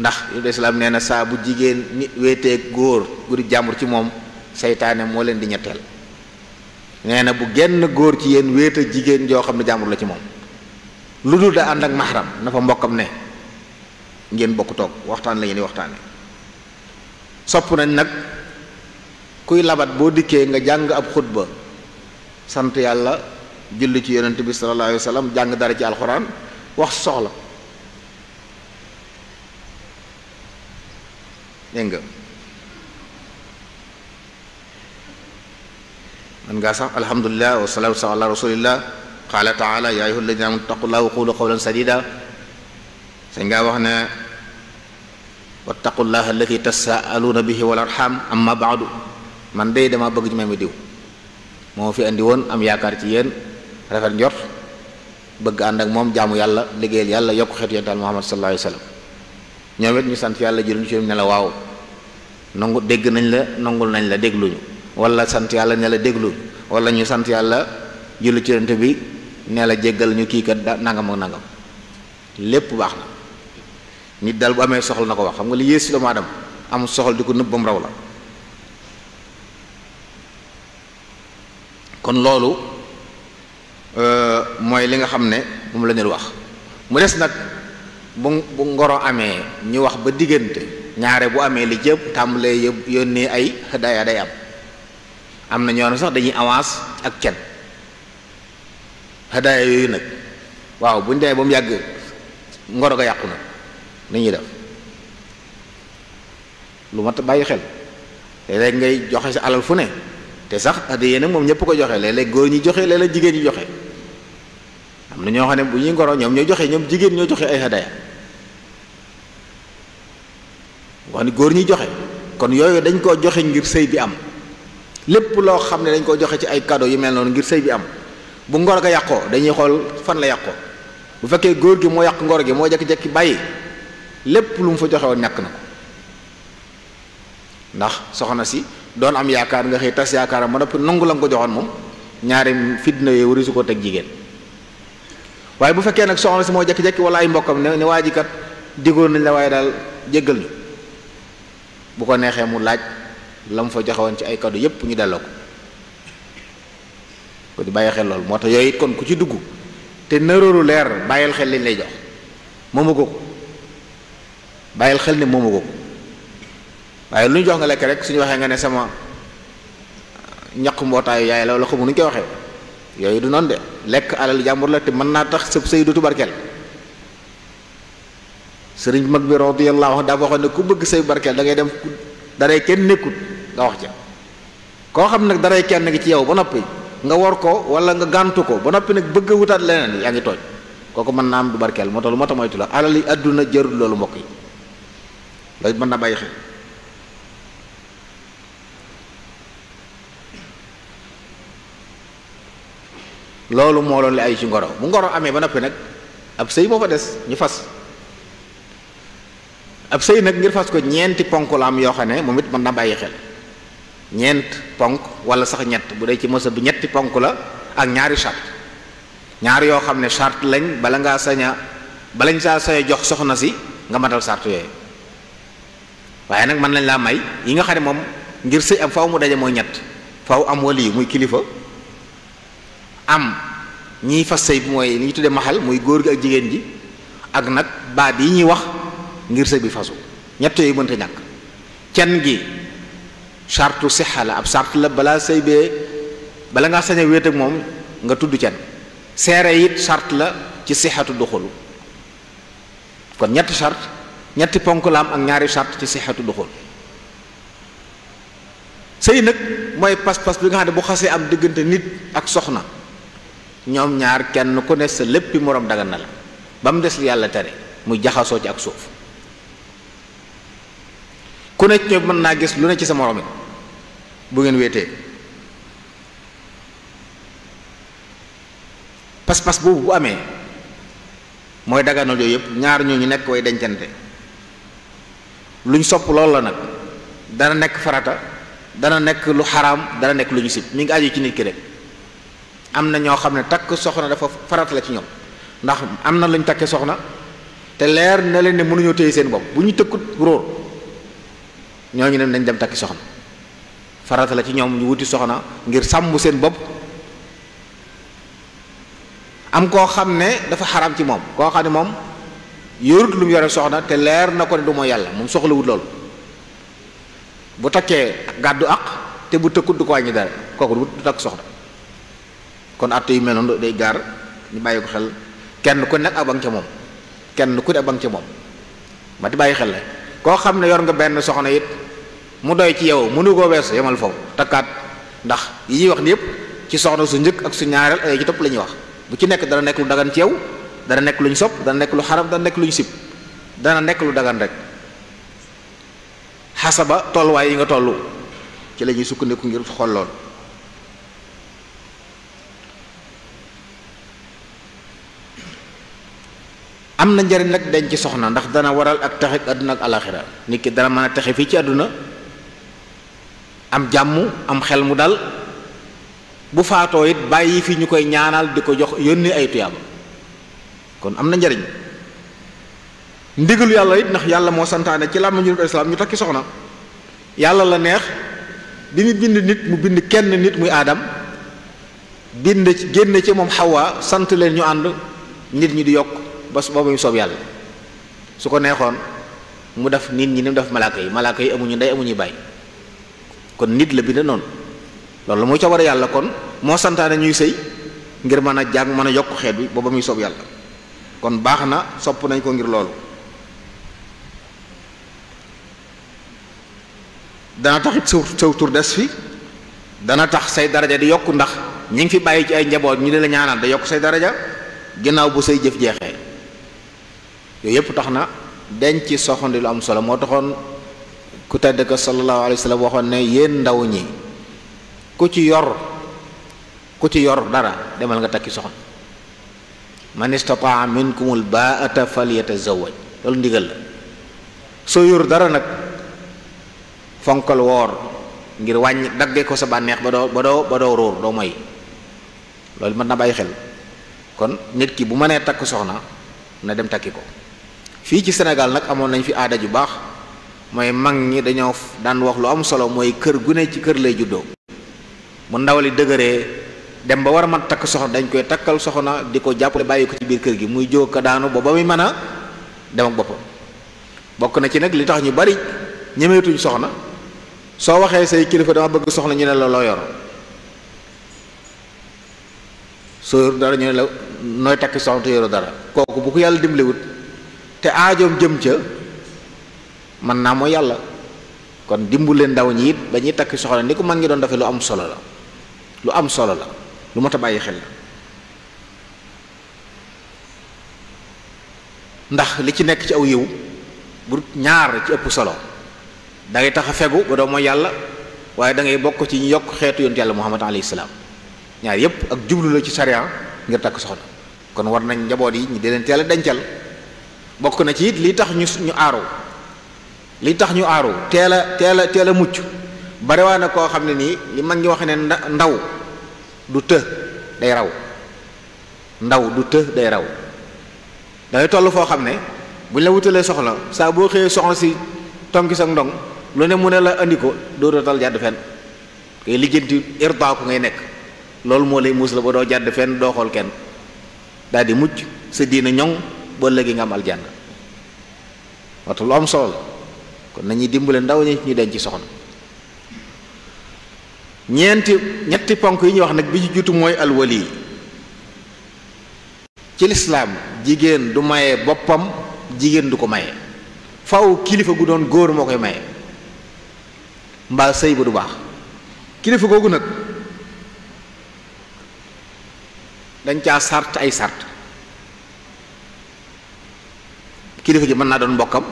ndax yu islaam nee na saa bu jigéen nit weetee góor guddi jàmbur ci moom seytaane moo leen di ñetteel nee na bu genn góor ci yéen wéeta jigéen joo xam ne jàmbur la ci moom lu dul da ànd ak maxaram na fa mbokkam ne ngeen bokk toog waxtaan la ngeen di waxtaane sopp nañ nag kuy labat boo dikkee nga jàng ab xutba sant yàlla julli ci yonent bi sallallahu alayhi jàng dara ci alxuraan wax soxla dégg nga man ngaa sax alhamdulilah wasalaatu ala rasulillah qaala taala yaa ayyuha alladina amanu taqullaha wa qulu qawlan sañ ngaa wax ne wattaqullaha alladi tasaaluuna bihi wal arham amma baadu man de dama bëgg ñu may ma diw moo fi indiwoon am yaakaar ci yéen rafet njort bëgg ànd ak moom jaamu yàlla liggéeyal yàlla yokk xeetu yontaal muhammad sallallahu alayhi wasallam ñoom it ñu sant yàlla jëluñu ci ne la waaw dégg nañ la nangul nañ la dégluñu wala sant yàlla ne la dégluñu wala ñu sant yàlla jullu ci bi ne la jéggal ñu kii kat nangam ak nangam baax na nit daal bu amee soxla na ko wax xam nga li yées am soxla di ko nëbb ba raw la kon loolu euh, mooy li nga xam ne moom la ñu wax mu des nag bu ngoro amee ñu wax ba diggante ñaare bu amee li jëpp tàmbalee yëpp yónnee ay hadaaya day am am na ñoo sax dañuy avance ak cen hadaaya yooyu nag waaw bu ñu demee ba mu yàgg ngoro ga yàqu na ni ñuy def lu mat bàyyi xel te rek ngay joxe sa alal fu ne te sax addiya nag moom ñëpp ko joxe léeg-léeg góor ñi joxe léeg jigéen ñi joxe am na ñoo xam ne bu ñuy ngoro ñoom ñoo joxe ñoom jigéen ñoo joxe ay hadaya wax ni góor ñi joxe kon yooyu dañ koo joxe ngir sëy bi am lépp loo xam ne dañ koo joxe ci ay cadeau yu mel noonu ngir sëy bi am bu ngor ga yàqoo dañuy xool fan la yàqoo bu fekkee góor gi moo yàq ngor gi moo jekki-jekki bàyyi lépp lu mu fa joxe woon ñàkk na ko ndax soxna si doon am yaakaar nga xëy tas yaakaaram ba noppi nangu la nga ko joxoon moom ñaari na yooyu warisu ko teg jigéen waaye bu fekkee nag soxna si moo jekki-jekki wala ay mbokkam ne ne waa ji kat digoon nañ la waaye daal jéggal ñu bu ko neexee mu laaj la mu fa joxewoon ci ay kaddu yépp ñu delloo ko ko di bàyyi xel loolu moo tax yooyu it kon ku ci dugg te narooru leer bàyyil xel liñ lay jox moomu ko ko bàyyil xel ne moomu ko ko waaye lu ñu jox nga lekk rek suñu waxee nga ne sama ñaq mbootaayu yaay la wala xamu nu ñu koy waxee yooyu du noonu de lekk alal jàmbur la te mën naa tax sëb sëy dootu barkeel sëriñ mag bi radiyallahu anhu daa waxoon ne ku bëgg sëy barkeel da ngay ku daray kenn nekkut nga wax ca koo xam ne daray kenn ngi ci yow ba noppi nga war ko wala nga gàntu ko ba noppi nag bëgg a wutaat leneen yaa ngi tooñ kooku mën naa am du barkeel moo tax lu moo tax moytu la alal yi àdduna jërul loolu mbokk yi mën na bàyyi loolu moo doon li ay ci ngoro bu ngoro amee ba noppi nag ab sëy moo fa des ñu fas ab sëy nag ngir fas ko ñeenti ponk la am yoo xam ne moom it mën na bàyyi xel ñeent ponk wala sax ñett bu dee ci mësa bi ñetti ponk la ak ñaari charte ñaar yoo xam ne charte lañ bala ngaa saña balañ saa saña jox soxna si nga matal charte yooyu waaye nag mën lañ laa may yi nga xam ne moom ngir sëy am faw mu daje mooy ñett faw am wali muy kilifa am ñiy fas sëy bi mooy li ñu tuddee maxal muy góor gi ak jigéen ji ak nag baat yi ñuy wax ngir sëy bi fasu ñett yooyu mënta ñàkk can gi sartu sixa la ab sart la balaa sëy bee bala ngaa sañ a wéet ak moom nga tudd cen seere it sart la ci sexatu doxolu kon ñetti sart ñetti ponk la am ak ñaari sart ci sixatu duxul sëy nag mooy pas-pas bi nga xam ne bu xasee am diggante nit ak soxna ñoom ñaar kenn ku ne sa léppi moroom dagan na la ba mu des li yàlla tere muy jaxasoo ci ak suuf ku ne ci mën naa gis lu ne ci sa moroom bu ngeen wéetee pas-pas boobu bu amee mooy daganal yooyu yëpp ñaar ñu ñooñu nekk way dencante luñ sopp loolu la nag dana nekk farata dana nekk lu xaraam dana nekk lu ñu sib mi ngi aju ci nit ki rek am na ñoo xam ne takk soxna dafa farata la ci ñoom ndax am na luñ takkee soxna te leer na leen ne mënuñoo téye seen bopp bu ñu tëkkut róor ñooñu ne nañ dem takki soxna farata la ci ñoom ñu wuti soxna ngir sàmm seen bopp am koo xam ne dafa xaram ci moom koo xam ne moom yorut lu mu yore soxna te leer na ko ne du mooy yàlla moom soxla wut loolu bu takkee gàddu àq te bu tëkkut du ko wàññi dara kooku du takk soxna kon atte yu meloon day gaar ñu bàyyi ko xel kenn ku nekk abang ca moom kenn ku ne abang ca moom mati bàyyi xel la koo xam ne yor nga benn soxna it mu doy ci yow mënu koo weesu yemal foofu takkaat ndax yi ñuy wax ni yëpp ci soxna su njëkk ak su ñaareel ay ci topp la ñuy wax bu ci nekk dana nekk lu dagan ci yow dana nekk luñ ñu sopp dana nekk lu xaram dana nekk lu ñu sib dana nekk lu dagan rek xasaba tolluwaay yi nga toll ci la ñuy sukkandiku ngir xool lool am na njariñ nag ci soxna ndax dana waral ak taxe àdduna ak alaxira nit ki dana mën a taxe fii ci àdduna am jàmm am xel mu dal bu faatoo it bàyyi fi ñu koy ñaanal di ko jox yónni ay tuyaaba kon am na njariñ ndigalu yàlla it ndax yàlla moo santaane ci làmma ñu islaam ñu takki soxna yàlla la neex bi mu bind nit mu bind kenn nit muy aadam bind génn ci moom xawaa sant leen ñu ànd nit ñi di yokk ba su boobu mu soob yàlla su ko neexoon mu def nit ñi ne mu def malaaka yi malaaka yi amuñu ndey amuñu bàyyi kon nit la bind noonu loolu mooy coobare yàlla kon moo santaane ñuy sëy ngir mën a jàng mën a yokk xeet bi muy soob yàlla kon baax na sopp nañ ko ngir loolu dana tax it sa tur des fi dana tax say daraja di yokk ndax ñi ngi fi bàyyi ci ay njaboot ñu di la ñaanal da yokk say daraja ginnaaw bu say jëf jeexee yooyu yëpp tax na denc soxandi lu am solo moo taxoon ku tedd ka sallallahu alayhi wa sallam waxoon ne yéen ndaw ñi ku ci yor ku ci yor dara demal nga takki soxna man istataa minkumul baata falyatazawaj loolu ndigal la soo yor dara nag fonkal woor ngir wàññi dagge ko sa bànneex ba doo ba doo ba doo róor doo moy loolu mën na bàyyi xel kon nit ki bu mënee takk soxna na dem takki ko fii ci senegal nag amoon nañ fi aada ju baax mooy mag ñi dañoo daan wax lu am solo mooy kër gu ne ci kër lay juddoo mu ndaw li dëgëree dem ba war a man takk soxna dañ koy takkal soxna di ko jàppale bàyyi ko ci biir kër gi muy jóg ko daanu ba ba muy mën a dem ak boppam bokk na ci nag li tax ñu bari ñemeetuñ soxna soo waxee say kilifa dama bëgg soxna ñu ne la loo yor soo yor dara ñu ne la nooy takki soxna te yoru dara kooku bu ko yàlla dimbalewut te aajoom jëm ca mën naa mooy yàlla kon dimbule ndaw ñi it ba ñuy takk soxla ni ko man ngi doon defee lu am solo la lu am solo la lu mot a bàyyi xel la ndax li ci nekk ci aw yiw bu ñaar ci ëpp solo dangay ngay tax a fegu ba doo mooy yàlla waaye da ngay bokk ci ñu yokk xeetu yonent yàlla muhammad alayhi salaam ñaar yépp ak jublu la ci sariya ngir takk soxna kon war nañ njaboot yi ñu di leen teel a dencal bokk na ci it li tax ñu ñu aaro li tax ñu aaroo teel a teel a teel a mucc barewaa na koo xam ne nii li mag ñi wax ne ndaw du të day raw ndaw du të day raw day toll foo xam ne bu ñu la wutalee soxla saa boo xëyee soxla si tonki sa ndong lu ne mu ne la indi ko doo dootal jàdd fenn kay lijjanti irtaa ko ngay nekk loolu moo lay muus la ba doo jàdd fenn doo xool kenn daal di mucc sa diina ñoŋ bu ëllëgee nga am aljanna waxtu lu am solo la kon nañuy dimbale ndaw ñi ñu denc soxna ñeenti ñetti ponk yi ñuy wax nag bi ci jutu mooy alwali ci lislaam jigéen du maye boppam jigéen du ko maye faw kilifa gu doon góor moo koy maye mbaa sëy ba du baax kilifa googu nag dañ caa sart ay sart kilifa gi mën naa doon mbokkam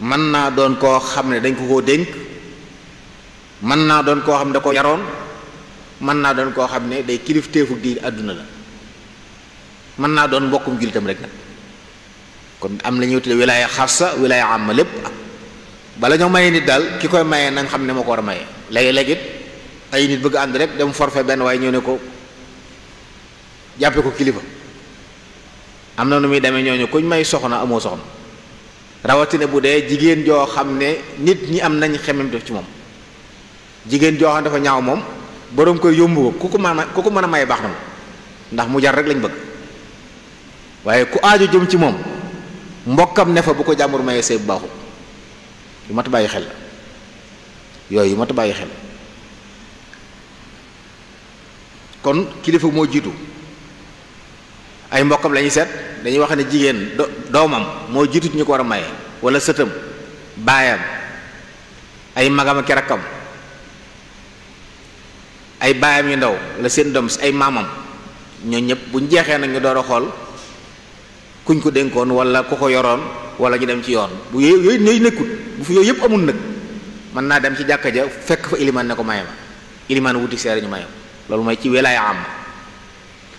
mën naa doon koo xam ne dañ ko koo dénk mën naa doon koo xam ne da ko mën naa doon koo xam ne day kilif téefug di àdduna la mën naa doon mbokkum jullitam rek nag kon am la ñuy tuddee wilaaya am ma lépp bala ñoo maye nit daal ki koy maye nañ xam ne moo ko war a maye léegi-léegi ay nit bëgg ànd rek for forfait benn waaye ñëw ne ko jàppe ko kilifa am na nu muy demee ñooñu kuñ may soxna amoo soxna rawatina bu dee jigéen joo xam ne nit ñi am nañ xemem def ci moom jigéen joo xam dafa ñaaw moom boroom koy yomb ko ku ko mën a may baax na ndax mu jar rek lañ bëgg waaye ku aaju jëm ci moom mbokkam ne fa bu ko jàmbur maye see bu baaxul yu mat a bàyyi xel yooyu yu mat bàyyi xel kon kilifa moo jiitu. ay mbokkam la set seet dañuy wax ne jigéen doomam moo jiitu ñu ko war a maye wala sëtam baayam ay magam ak rakkam ay baayam yu ndaw la seen doom si ay maamam ñoo ñëpp bu ñu jeexee nag ñu door a xool kuñ ko dénkoon wala ku ko yoroon wala ñu dem ci yoon bu yooyu yooyu nekkut bu fi yooyu yëpp amul nag mën naa dem ci jàkka ja fekk fa ilimaan ne ko maye ma ilimaan wuti seere ñu maye loolu mooy ci wilaaya am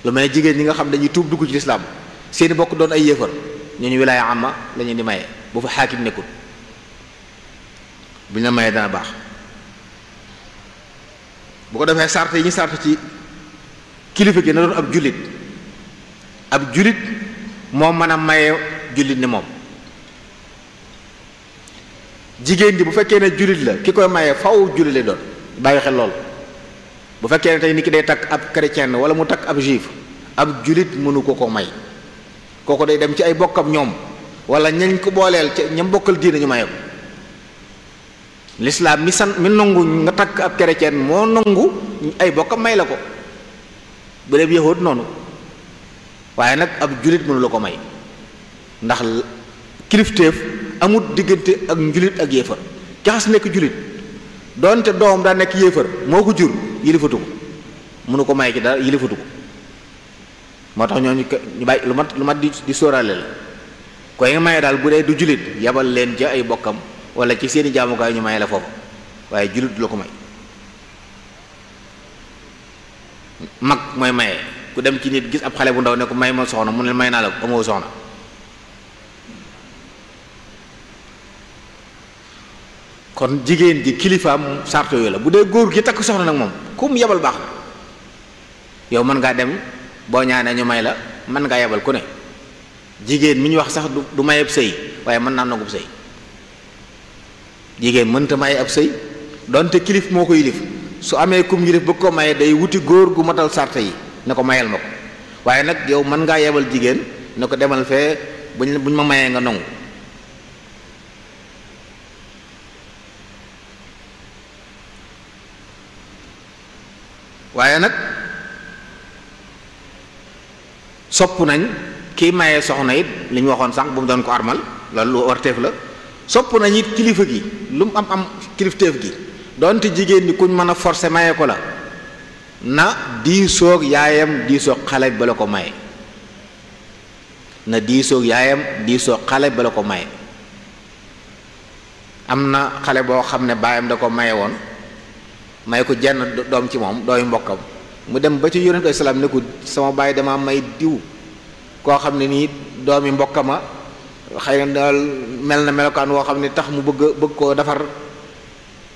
lu mel jigéen ñi nga xam dañuy tuub dugg ci lislaam seeni bokk doon ay yéefar ñooñu wilaaya amma la ñu di maye bu fa xaakim nekkul bu ñu la mayee dana baax bu ko defee sart yi ñu sart ci kilifa gi na doon ab jullit ab jullit moo mën a maye jullit ni moom jigéen ji bu fekkee ne jullit la ki koy maye faw jullit lay doon bàyyi xel lool bu fekkee ne tey nit ki day takk ab chrétien wala mu takk ab juif ab julit mënu ko ko may kooku day dem ci ay bokkam ñoom wala ñañ ko booleel ca ñam bokkal diina ñu maye ko lislaam mi san mi nangu nga takk ab chrétien moo nangu ay bokkam may la ko bu dee yahud noonu waaye nag ab julit mënu la ko may ndax kilifteef amut diggante ak njulit ak yéefar jaxas nekk julit donte doom daa nekk yéefar moo ko jur yilifatu ko mënu ko may ci dara yilifatu ko moo tax ñooñu ñu bàyyi lu mat lu mat di di la koy nga maye daal bu dee du jullit yabal leen ca ay bokkam wala ci seeni jaamukaay ñu may la foofu waaye jullit du la ko may mag mooy maye ku dem ci nit gis ab xale bu ndaw ne ko may ma soxna mu ne may naa la ko amoo soxna kon jigéen ji kilifaam sarto yooyu la bu dee góor gi takk soxna nag moom ku mu yebal baax na yow mën ngaa dem boo ñaanee ñu may la mën ngaa yebal ku ne jigéen mi ñu wax sax du may ab sëy waaye mën naa nangub sëy jigéen mënta may ab sëy donte kilif moo ko yilif su amee kum yilif ba ko maye day wuti góor gu matal sarta yi ne ko mayal ma ko waaye nag yow mën ngaa yebal jigéen ne ko demal fee buñ buñ ma mayee nga nangu waaye nag sopp nañ kii maye soxna it li waxoon sànq bu mu doon ko armal loolu lu warteef la sopp nañ it kilifa gi lu mu am am kilifteef gi donte jigéen ñi kuñ mën a forcer maye ko la na diisoog yaayam diisoog xale ba la ko maye na diisoog yaayam diisoog xale ba la ko maye am na xale boo xam ne baayam da ko maye woon may ko jenn doom ci moom doomi mbokkam mu dem ba ci yonent ay salaam ne ko sama baay dama may diw koo xam ne nii doomi mbokkama xëy na daal mel na melokaan woo xam ne tax mu bëgg bëgg koo defar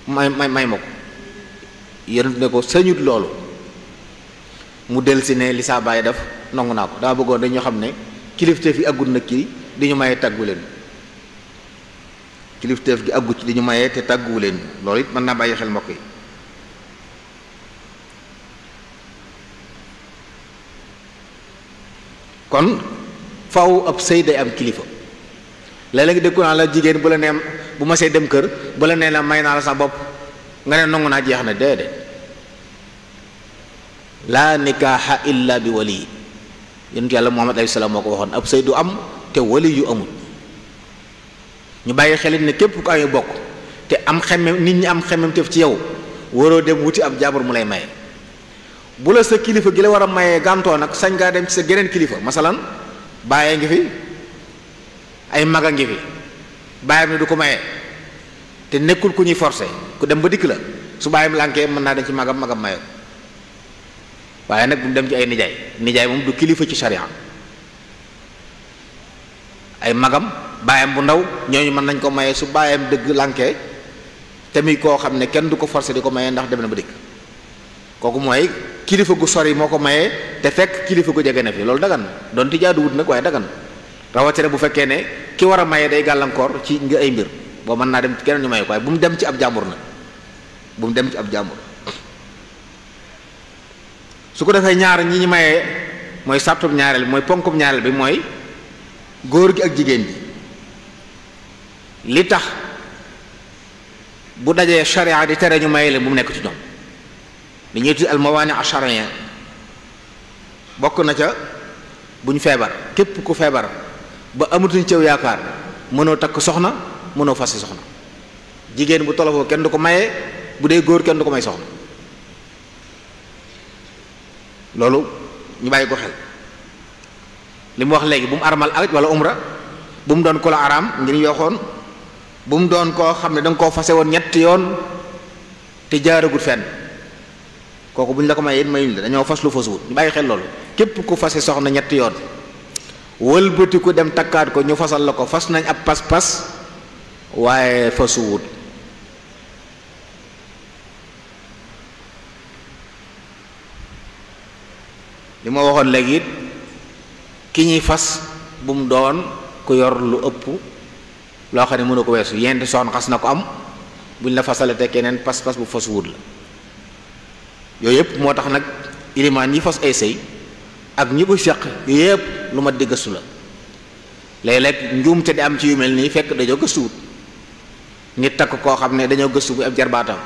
may may may ma ko yonent ne ko sañut loolu mu del si ne li saa baay def nangu naa ko dama bëggoon dañoo xam ne kilifteef yi aggut na kii di ñu maye tàggu leen kilifteef gi aggut ci di ñu maye te tàgguwu leen loolu it mën naa bàyyi xel mbokk yi kon faw ab sëy day am kilifa léeg-léeg dëkku naa la jigéen bu la nee bu ma see dem kër bu la nee na may naa la sax bopp nga ne nangu naa jeex na déedéet laa nikaaxa illa bi wali yonent yàlla muhammad alayhi salaam moo ko waxoon ab sëy du am te wali yu amul ñu bàyyi xelit ne képp ku amee bokk te am xemmem nit ñi am xemmem tef ci yow waroo dem wuti ab jaabur mu lay maye bu la sa kilifa gi la war a mayee gàntoo nag sañ ngaa dem ci sa geneen kilifa masalan bàyyee ngi fi ay mag a ngi fi bàyyam ne du ko mayee te nekkul ku ñuy forcé ku dem ba dikk la su bàyyam lànkee mën naa dem ci magam magam mayoo waaye nag bu mu dem ci ay nijaay nijaay moom du kilifa ci sharia ay magam baayam bu ndaw ñooñu mën nañ ko mayee su bàyyam dëgg lànkee te muy koo xam ne kenn du ko forcé di ko mayee ndax dem na ba dikk kooku mooy kilifa gu sori moo ko mayee te fekk kilifa gu jege na fi loolu dagan donte jaaduwut nag waaye dagan rawatina bu fekkee ne ki war a maye day gàllankoor ci ngir ay mbir boo mën naa dem ci keneen ñu maye ko mu dem ci ab jàmbur nag dem ci ab jàmbur su ko defee ñaar ñi ñu mayee mooy sàrtub ñaareel bi mooy ponkub ñaareel bi mooy góor gi ak jigéen ji li tax bu dajee charia di tere ñu maye leen bu mu nekk ci ñoom li ñuy tudd almawaani achariya bokk na ca buñ feebar képp ku feebar ba amatuñ cëw yaakaar mënoo takk soxna mënoo fasi soxna jigéen bu tolofoo kenn du ko maye bu dee góor kenn du ko may soxna loolu ñu bàyyi ko xel li mu wax léegi bu mu armal aj wala umra bu mu doon ko la araam ngir yooxoon bu mu doon koo xam ne danga koo fase woon ñett yoon te jaaragul fenn kooku bu ñu la ko mayee it mayuñ la dañoo fas lu fasuwut ñu bàyyi xel loolu képp ku fase soxna ñetti yoon wëlbati ku dem takkaat ko ñu fasal la ko fas nañ ab pas-pas waaye fasuwut li ma waxoon léegi it ki ñuy fas bu mu doon ku yor lu ëpp loo xam ne mënu ko weesu yent soxna xas na ko am bu ñu la fasale te keneen pas-pas bu fasuwut la yooyu yëpp moo tax nag ilimaan yi fas ay sëy ak ñi ko seq yëpp lu ma di gëstu la léeg-léeg njuumte di am ci yu mel nii fekk dañoo gëstuwut nit takk koo xam ne dañoo gëstu bu ab jarbaatam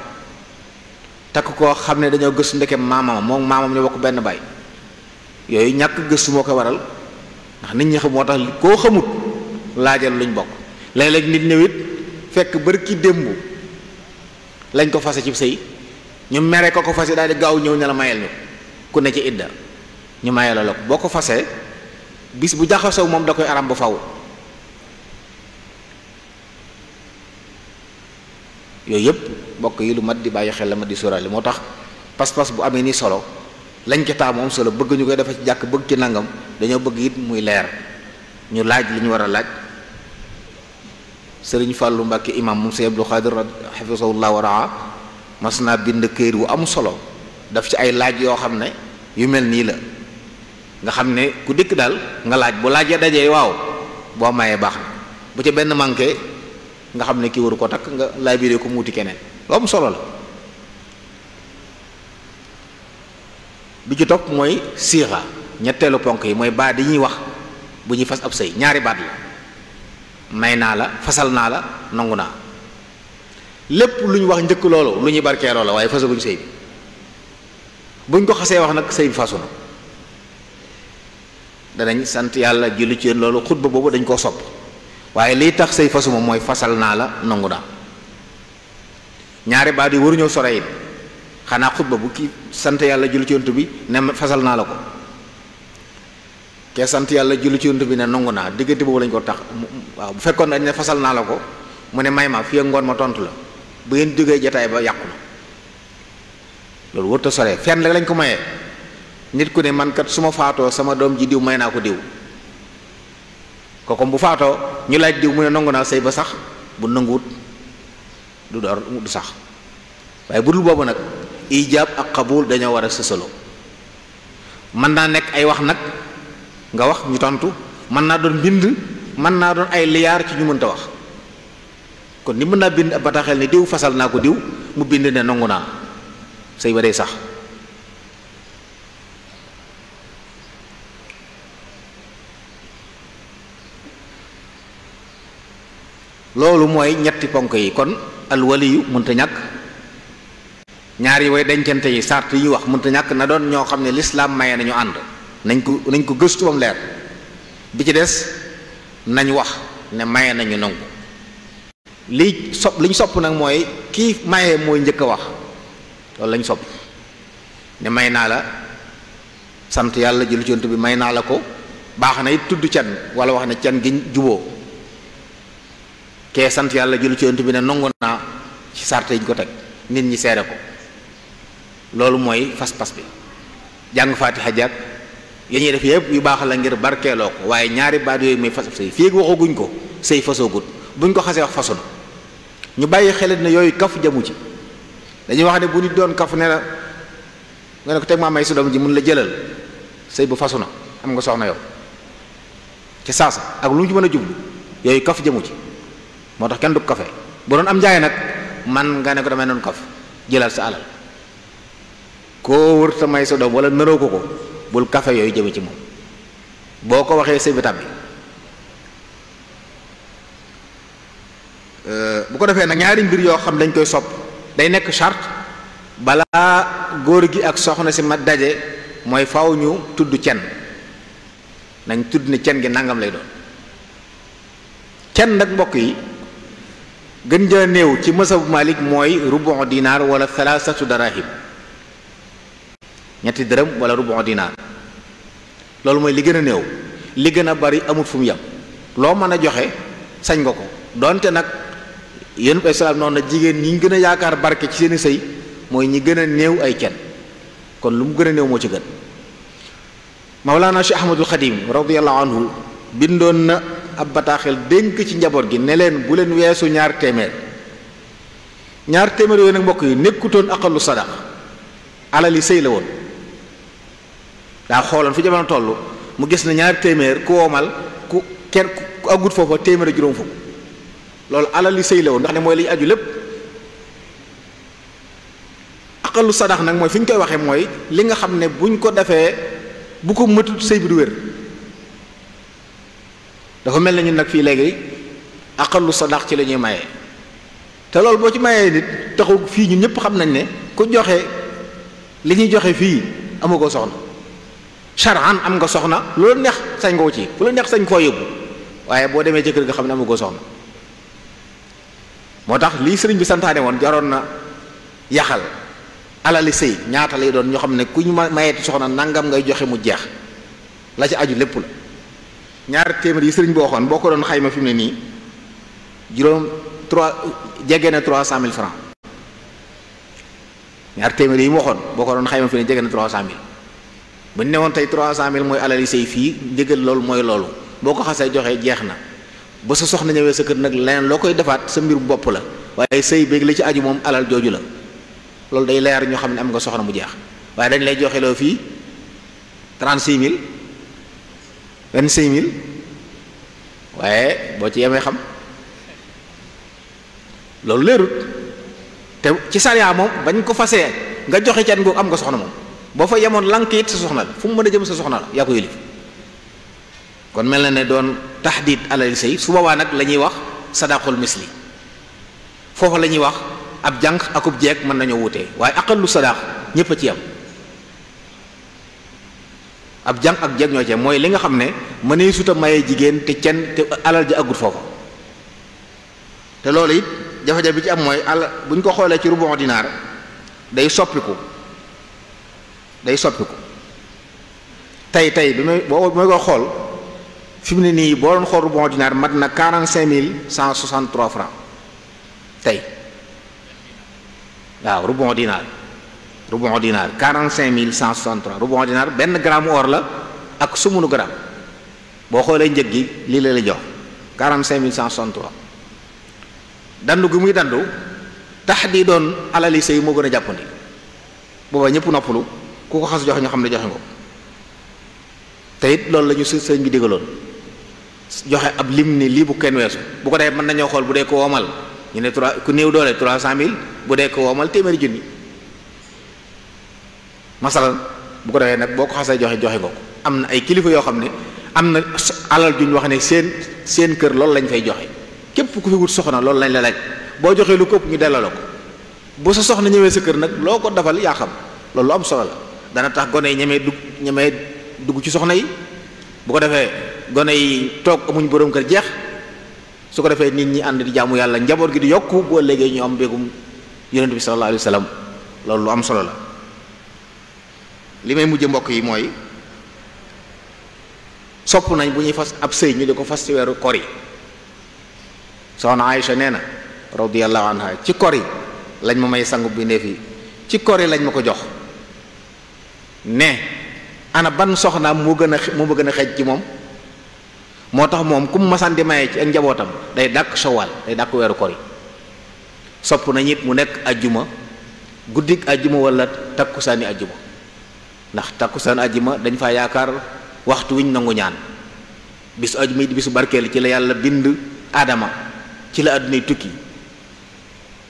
takk koo xam ne dañoo gëstu ndeke maamam moom maamam ñu bokk benn baay yooyu ñàkk gëstu moo koy waral ndax nit ñi xam moo tax koo xamut laajal luñ bokk léeg nit ñëw fekk fekk bërki démb lañ ko fase ci sëy ñu mere ko ko fase daal di gaaw ñëw ne la mayel ko ku ne ci idda ñu mayela la ko boo ko fasee bis bu jaxasoo moom da koy aram ba faw yooyu yëpp mbokk yi lu mat di bàyyi xel la ma di sóoraale moo tax pas-pas bu amee ni solo lañ ko taa moom solo bëgg ñu koy dafa ci jàkk bëgg ci nangam dañoo bëgg it muy leer ñu laaj li ñu war a laaj sëriñ Fàllu Mbàkke imam moom Sëriñ Abdul Xaadir xafisahullah wa raa mas bind këyit wu am solo daf ci ay laaj yoo xam ne yu mel nii la nga xam ne ku dikk daal nga laaj bu laajee dajee waaw boo mayee baax na bu ci benn manqué nga xam ne kii waru ko takk nga laaj biiree ko mu wuti keneen lu am solo la bi ci topp mooy siixa ñetteelu ponk yi mooy baat di ñuy wax bu ñuy fas ab sëy ñaari baat la may naa la fasal naa la nangu naa lépp lu ñu wax njëkk loolu lu ñuy barkeeloo la waaye fasaguñ sëy bi buñ ko xasee wax nag sëy bi fasu na danañ sant yàlla julli ci yéen loolu xutba boobu dañ koo sopp waaye liy tax sëy fasuma mooy fasal naa la nangu naa ñaari baat yi waruñoo sore xanaa xutba bu ki sant yàlla julli ci bi ne fasal naa la ko ke sant yàlla julli ci yonent bi ne nangu naa diggante boobu lañ ko tax waaw bu fekkoon dañ ne fasal naa la ko mu ne may ma fii ngoon ma tontu la bu ngeen jógee jataay ba yàqu loolu wërta sore fenn lañ ko mayee nit ku ne man su ma faatoo sama doom ji diw may naa ko diw kooku bu faatoo ñu laaj diw mu ne nangu naa sëy ba sax bu nanguwut du door du sax waaye bu dul boobu nag ijaab ak xabul dañoo war a sësaloo mën naa nekk ay wax nag nga wax ñu tontu mën naa doon mbind mën naa doon ay liyaar ci ñu mënta wax kon ni mën naa bind ab bataaxel ne diw fasal naa ko diw mu bind ne nangu naa sëy ba day sax loolu mooy ñetti ponk yi kon alwaliyu mënta ñàkk ñaar yi way dencante yi sart yi ñu wax mënta ñàkk na doon ñoo xam ne lislaam maye nañu ànd nañ ko nañ ko gëstu bam leer bi ci des nañ wax ne maye nañu nangu lii sopp liñ sopp nag mooy kii maye mooy njëkk a wax loolu lañ sopp ne may naa la sant yàlla jëlu cont bi may naa la ko baax na it tudd can wala wax na can gi juboo kee sant yàlla jëlu cont bi ne nongu naa ci sarte yi ko teg nit ñi seere ko loolu mooy fas-fas bi jàng faatixa jàkk ya ñuy def yëpp yu baax la ngir barkeeloo ko waaye ñaari baat yooyu muy fas sëy fii waxaguñ ko sëy fasoogut buñ ko xasee wax fasoon ñu bàyyi xelit ne yooyu kaf jamu ci dañuy wax ne bu nit doon kaf ne na nga ne ko teg maa may su ji mun la jëlal sëy bu fasu na am nga soxna yow ci saasa ak lu mu ci mën a jublu yooyu kaf jamu ci moo tax kenn du kafe bu doon am njaay nag man nga ne ko damay noonu kaf jëlal sa alal koo wër ta may sa doom wala naroo ko ko bul kafe yooyu jëme ci moom boo ko waxee sëy bi tàbbi Euh, bu ko defee nag ñaari mbir yoo xam dañ koy sopp day nekk charte balaa góor gi ak soxna si ma daje mooy faw ñu tudd cen nañ tudd ne cen gi nangam lay doon nag mbokk yi gën jaa néew ci masabu Malik mooy rubu dinaar wala thalathatu darahim ñetti dërëm wala rubu dinaar loolu mooy li gën a néew li gën a bari amut fu mu yem loo mën a joxe sañ nga ko doonte nag yéen ay salaam noonu na jigéen ñi gën a yaakaar barke ci seeni sëy mooy ñi gën a néew ay kenn kon lu mu gën a néew moo ci gën Mawlaana Cheikh Ahmadul Xadim radiyallahu anhu bindoon na ab bataaxel dénk ci njaboot gi ne leen bu leen weesu ñaar téeméer ñaar téeméer yooyu nag mbokk yi nekkutoon aqalu sadaq alal yi sëy la woon daa xooloon fi jamono toll mu gis ne ñaar téeméer ku woomal ku kenn ku agut foofa téeméer a juróom fukk loolu alal li sëy la woon mooy liy aju lépp aqalu sadax nag mooy fi ñu koy waxee mooy li nga xam ne buñ ko defee bu ko mëtut sëy bi du wér dafa mel na ñu nag fii léegi aqalu sadax ci la ñuy maye te loolu boo ci mayee nit taxu fii ñu ñëpp xam nañ ne ku joxe li ñuy joxe fii amu ko soxna charan am nga soxna loolu neex sañ nga ci fu la neex sañ koo yóbbu waaye boo demee ci kër ga xam ne amu ko soxna moo tax lii sëriñ bi santaane woon jaroon na yaxal alali sëy ñaata lay doon ñoo xam ne ku ñu mayeeti soxna nangam ngay joxe mu jeex la ci aju lépp la ñaar téeméer yi sëriñ bi waxoon boo ko doon xayma fi mu ne nii juróom trois jege na trois cent mille francs ñaar téeméer yi mu waxoon boo ko doon xayma fi ne jege na trois cent mille bu ñu ne woon tey trois cent mille mooy alali sëy fii njëgal loolu mooy loolu boo ko xasee joxe jeex na ba sa soxna ñëwee sa kër nag leneen loo koy defaat sa mbir bopp la waaye sëy beeg la ci aju moom alal jooju la loolu day leer ñu xam ne am nga soxna mu jeex waaye dañ lay joxe loo fii trente-six mille vingt-cinq waaye boo ci yemee xam loolu leerut te ci sariya moom bañ ko fasee nga joxe can googu am nga soxna moom boo fa yemoon lank it sa soxna la fu mu mën a jëm sa soxna la yaa ko yëlif kon mel na ne doon taxdiit alal say su boobaa nag la ñuy wax sadaqul misli foofa la ñuy wax ab jànq akub jeeg mën nañoo wutee waaye aqallu sadaq ñépp a ci yam ab jànq ak jeg ñoo ci mooy li nga xam ne mënee suta mayee jigéen te cen te alal ja aggut foofa te loolu it jafe bi ci am mooy àll bu ñu ko xoolee ci rubon dinaar day soppiku day soppiku tey tey bi may boo mooy ko xool fi mu ne nii boo doon xool rubu ordinaire mat na quarante cinq mille cent soixante trois francs tey waaw rubu mille cent soixante trois rubu benn gramme or la ak sumunu gramme boo xoolee njëg gi lii la la jox quarante mille cent soixante trois dandu gi muy dandu tax di doon alali sëy moo gën a jàppandi booba ñëpp noppalu ku ko xas joxe ñu xam ne joxe nga ko te it loolu la ñu sëñ bi digaloon joxe ab lim ni lii bu kenn weesu bu ko defee mën nañoo xool bu dee ko womal ñu ne trois ku néew doole trois cent mille bu dee ko womal téeméeri junni masalan bu ko defee nag boo ko xasee joxe joxe nga am na ay kilifa yoo xam ne am na alal juñ wax ne seen seen kër loolu lañ fay joxe képp ku fi soxna loolu lañ la laaj boo joxee lu këpp ñu delloo la ko bu sa soxna ñëwee sa kër nag loo ko dafal yaa xam loolu lu am solo la dana tax gone yi ñemee dugg ñemee dugg ci soxna yi bu ko defee gone yi toog amuñ borom kër jeex su ko defee nit ñi ànd di jaamu yàlla njaboot gi di yokku boo léegi ñu am bégum yonent bi sallallahu alayhi wa loolu lu am solo la li may mujj mbokk yi mooy sopp nañ bu ñuy fas ab sëy ñu di ko fas ci weeru kori yi soxna nee na radiyallahu anha ci kori lañ ma may sangu bi neef yi ci kor lañ ma ko jox ne ana ban soxnaam moo gën a moo ma gën a xeej ci moom moo tax moom ku mu masaan di maye ci ak njabootam day dàkk shawal day dàkk weeru kor sopp nañ it mu nekk ajjuma guddik ajjuma wala takkusaani ajjuma ndax takkusaan ajjuma dañ fa yaakaar waxtu wiñ nangu ñaan bisu ajjuma it bisu barkeel ci la yàlla bind aadama ci la àddunay tukki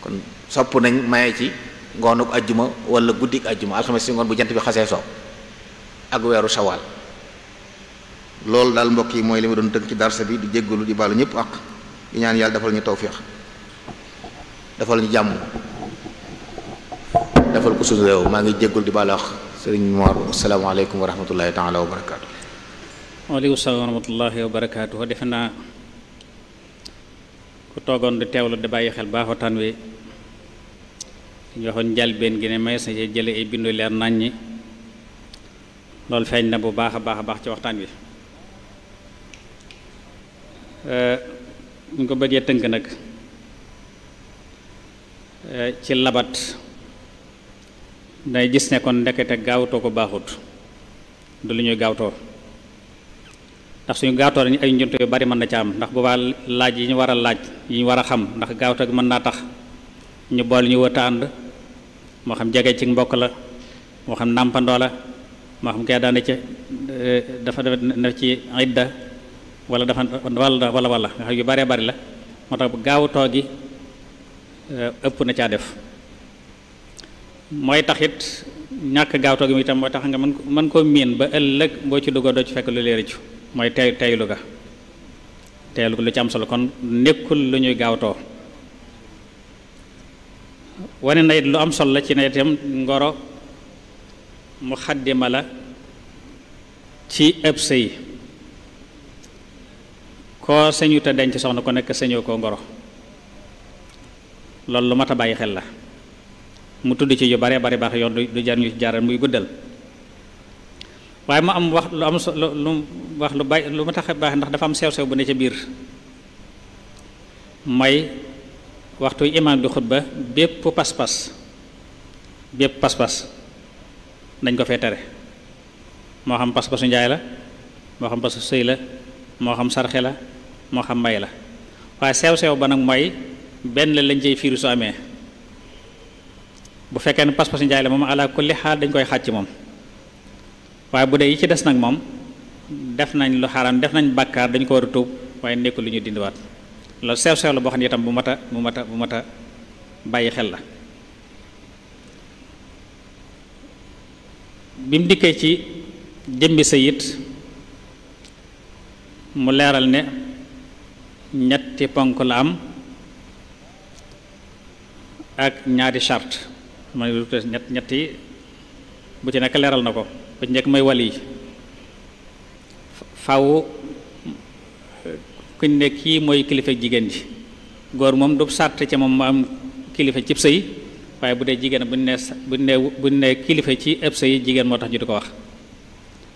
kon sopp nañ maye ci ngoonuk ajjuma wala guddik ajjuma alxames si ngoon bu jant bi xasee soo ak weeru shawal loolu daal mbokk yi mooy li ma doon tënk ci darsa bi di jéggalu di baalu ñëpp ak di ñaan yàlla defal ñu tawféex defal ñu jàmm defal ko suñu réew maa ngi jéggalu di baalu ak sëriñ Mor asalaamaaleykum wa rahmatullahi taala wa barakaatu. waaleykum salaam wa rahmatullahi wa barakaatu defe naa ku toogoon di teewlu di bàyyi xel baax waxtaan wi ñu waxoon njëlbéen gi ne mayees na jële ay bindu leer nañ ñi loolu feeñ na bu baax a baax a baax ci waxtaan wi. bu eh, ñu ko bëggee tënk nag eh, ci labat day gis ne kon ndekete gaawtoo ko baaxut du lu ñuy gaawtoo ndax suñu gaawtoo dañu ay njuntu yu bari mën na ca am ndax bu boobaa laaj yi ñu war a laaj yi ñu war a xam ndax gaawtoo gi mën naa tax ñu bool ñu wëta ànd moo xam jege ci mbokk la moo xam nàmpandoo la moo xam kay daane ci eh, dafa def na ci idda wala dafa wala wala wala nga xam yu baree bari la moo tax bu gaaw too gi eh, ëpp na caa def mooy tax it ñàkk gaaw too gi mu itam moo tax nga mën mën koo miin ba ëllëg boo ci duggoo doo ci fekk lu leer ci mooy tey teylu ga teylu lu ci am solo kon nekkul lu ñuy gaawtoo wane na it lu am solo la ci ne itam ngoro mu xaddima la ci ëpp sëy koo sañu te denc soxna ko nekk señoo koo ngoro loolu lu mat a bàyyi xel la mu tudd ci yu bare bari baax yoon du jar ñu jaaral muy guddal waaye mu am wax lu am lu wax lu bay lu ma tax baax ndax dafa am sew sew bu ne ca biir may waxtu imaam bi xutba bépp pas-pas bépp pas-pas dañ ko fee tere moo xam pas-pasu njaay la moo xam pasu sëy la moo xam sarxe la moo xam mbay la waaye sew-sew ba nag mooy benn lañ cay fiiru su amee bu fekkee ne pas-pas njaay moom ala kulli xaal dañ koy xaaj ci moom waaye bu dee yi ci des nag moom def nañ lu xaram def nañ bàkkaar dañ ko war a tuub waaye nekkul lu ñu dindiwaat loolu sew-sew la boo xam ne itam bu mat a bu mat a bu mat a bàyyi xel la bi dikkee ci jëmbi sa it mu leeral ne ñetti ponk la am ak ñaari charte ma ñetti bu ci nekk leeral na ko bu ci njëkk mooy wali faw kuñ ne kii mooy kilifa jigéen ji góor moom du sàrt ci moom ma am kilifa cib sëy waaye bu dee jigéen buñ ne buñ ne buñ ne kilifa ci ëpp sëy jigéen moo tax ñu di ko wax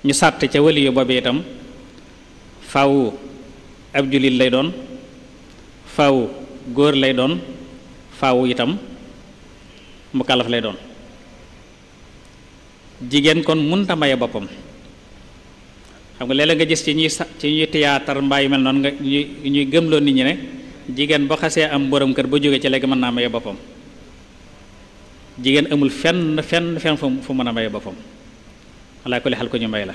ñu sàtt ca wali yu itam faw ab jullit lay doon faw góor lay doon faw itam mu kàllaf lay doon jigéen kon munta maye boppam xam nga léeg nga gis ci ñuy ci ñuy tiyaatar mbaa yu mel noonu nga ñuy gëmloo nit ñi ne jigéen boo xasee am borom kër ba jóge ci lekk mën naa maye boppam jigéen amul fenn fenn fenn fu mën a maye boppam alaa kulli xal ko ñu may la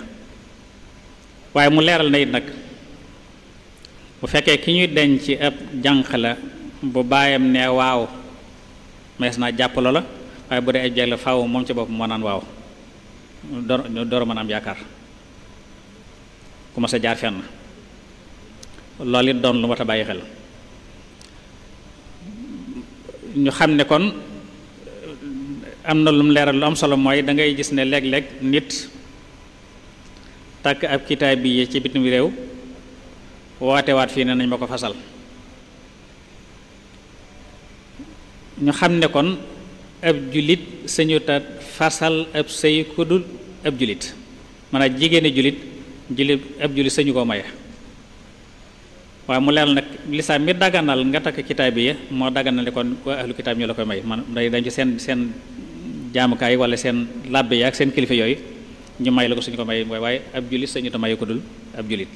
waaye mu leeral na it nag bu fekkee ki ñuy denc ci ab jànq la bu baayam ne waaw mees naa jàpp loola waaye bu dee ab jeeg la moom ci bopp moo naan waaw door door mën am yaakaar ku ma sa jaar fenn loolu it doon lu mat a bàyyi xel ñu xam ne kon am na lum leeral lu am solo mooy dangay gis ne léeg-léeg nit takk ab kitaab bi ci bitim réew wootewaat fii ne nañ ma ko fasal ñu xam ne kon ab julit sañuta fasal ab sëy ku dul ab julit maanaam jigéeni julit julit ab julit sañu koo maye waaye mu leeral nag lislaam mi daganal nga takk kitaab yi moo daganale kon waa ahlu kitaab la koy may man day dañ ci seen seen jaamukaay wala seen làbbe ak seen kilifa yooyu ñu la ko suñu ko mooy waaye ab julit sañu ta maye ku dul ab julit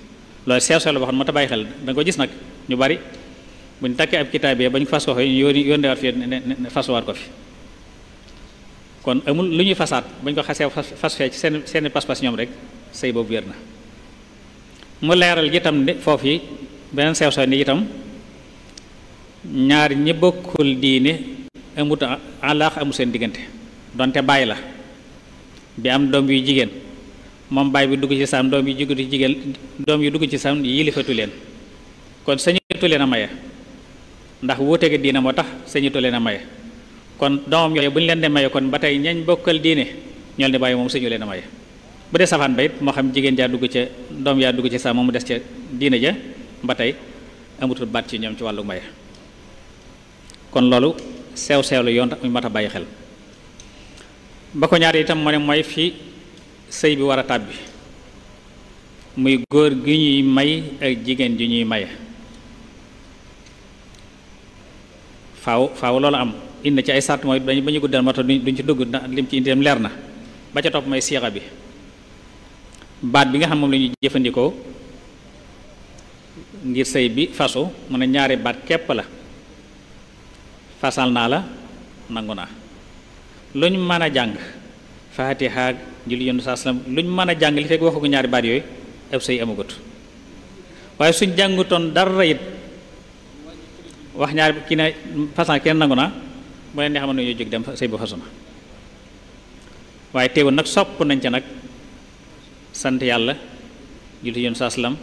loolu sew sew la boo xam ne moo tax bàyyi xel da nga ko gis nag ñu bari buñ takkee ab kitaab yee bañ fas ko fi yónni yónneewaat ko fi kon lu ñuy fasaat bañ ko xasee fas fee ci seen seeni pas-pas ñoom rek sëy boobu wér na mu leeral itam ne foofu yi beneen sew sew ni itam ñaar ñi bokkul diine amut alaax amul seen diggante donte bàyyi la bi am doom yu jigéen moom baay bi dugg ci saam doom yi dugg ci jigéen doom yi dugg ci saam yilifatu leen kon sañatu leen a maye ndax wuute gi diine moo tax sañatu leen a maye kon doomam yooyu bu ñu leen di maye kon ba tey ñañ bokkal diine ñool ne bàyyi moom sañu leen a maye bu dee safaan ba moo xam jigéen jaa dugg ca doom yaa dugg ci saam moom mu des ca diine ja ba tey amatul baat ci ñoom ci wàllu maye kon loolu sew sew la yoon mat a bàyyi xel ba ko ñaar itam moo ne mooy fii sëy bi war a tàbbi muy góor gi ñuy may ak jigéen ji ñuy may faw faw loolu am indi ci ay sart mooy dañu ba ñu guddal moo du duñ ci dugg ndax lim ci indi dem leer na ba ca topp mooy siixa bi baat bi nga xam moom lañuy jëfandikoo ngir sëy bi fasu mu ne ñaari baat képp la fasal naa la nangu naa lu ñu mën a jàng faatiha julli yondu saa salaam luñ mën a jàng li fekk waxu ko ñaari baat yooyu ab sëy amagut waaye suñ jàngutoon dara it wax ñaari kii ne façon kenn nangu na bu leen ne xam ne ñoo jóg dem sëy ba fasu waaye teewul nag sopp nañ ca nag sant yàlla julli yondu saa salaam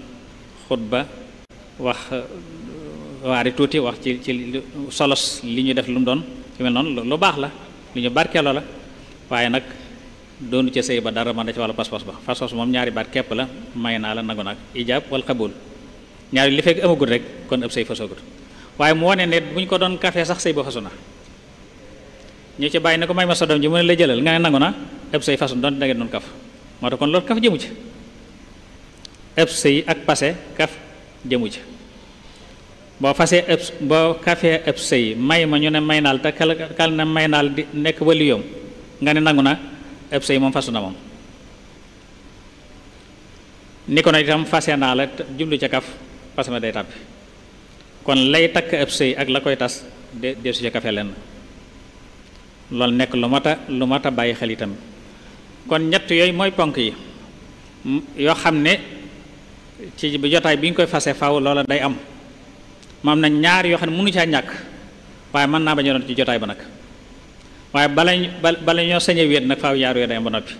xutba wax euh, waari tuuti wax ci ci solos li ñu def lu mu doon ci mel noonu lu baax la lu ñu barkeeloo la waaye nag doonu ca sëy ba dara mën na ci wàllu pas-pas ba pas-pas moom ñaari baat képp la may naa la nangu naag ijaab wal xabul ñaari li fekk amagul rek kon ab sëy fasoogul waaye moo wane ne bu ñu ko doon café sax sëy ba fasu na ñu ci bàyyi ne ko may ma sa doom ji mu ne la jëlal nga ne nangu na ab sëy fasu doon da ngeen doon kaf moo tax kon loolu kaf jëmu ci ab sëy ak passé kaf jëmu ci boo fasee ëpp boo kafee ëpp sëy may ma ñu ne may naal te kal kal ne may naal di nekk waliyoom nga ne nangu na ëpp sëy moom fasu na moom ni kon na itam fase naa la jublu ca kaf fas ma day tàbbi kon lay takk ëpp sëy ak la koy tas de de ca kafe lenn loolu nekk lu mat lu mat a bàyyi xel itam kon ñett yooyu mooy ponk yi yoo xam ne ci bi jotaay bi ñu koy fase faw loola day am maam na ñaar yoo xam ne mënu caa ñàkk waaye mën naa bañ a doon ci jotaay ba nag waaye bala bala ñoo sañ a wéet nag faaw ñaar wéet ba noppi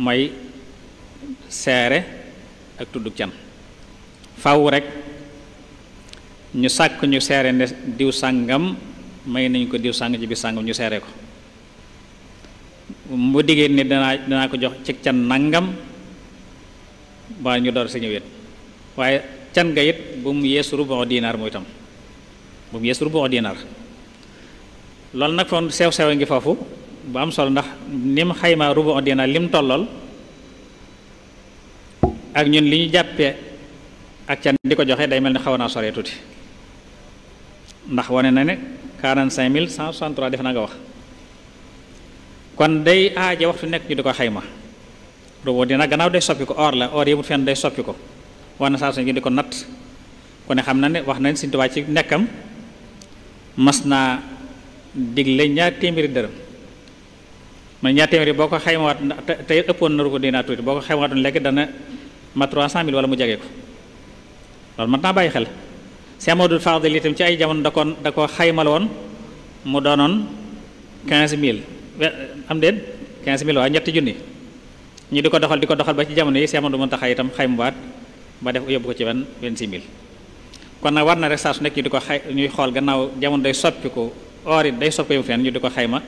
may seere ak tuddug can faw rek ñu sàkk ñu seere ne diw sàngam may nañ ko diw sàng ci bi sàngam ñu seere ko mu diggéen ni danaa danaa ko jox ci can nangam ba ñu door sañu waaye can nga it bu mu yeesu rubu dinaar mooy tam bu mu yeesu rubu dinaar loolu nag fon sew-sew a ngi foofu bu am solo ndax nim xayma rubu dina lim tollool ak ñun li ñu jàppee ak can di ko joxe day mel ni xaw naa soree tuuti ndax wane na ne mille cent 163 def na nga wax kon day aaje waxtu nekk ñu di ko xayma rubu dina gannaaw day soppi ko or la or yëmut fenn day soppi ko wane saa su ñu di ko natt kon ne xam na ne wax na Sëñ Tuubaa ci nekkam mas naa digle ñaar téeméeri dërëm man ñaar téeméeri boo ko xaymawaat tey ëppoon naru ko dinaa tuuti boo ko xaymawaatoon léegi dana ma trois cent mille wala mu jagee ko loolu mat naa bàyyi xel Cheikh Amadou Fadil itam ci ay jamono da koon da ko xaymal woon mu doonoon mille am déet quinze mille waa ko doxal di ko doxal ba ci jamono yi Cheikh Amadou Mountakha itam xaymawaat ba def yóbbu ko ci wen vingt-six mille kon nag war na rek saa su nekk ñu di ko xay ñuy xool gannaaw jamono day soppiku or it day soppeeku fenn ñu di ko xayma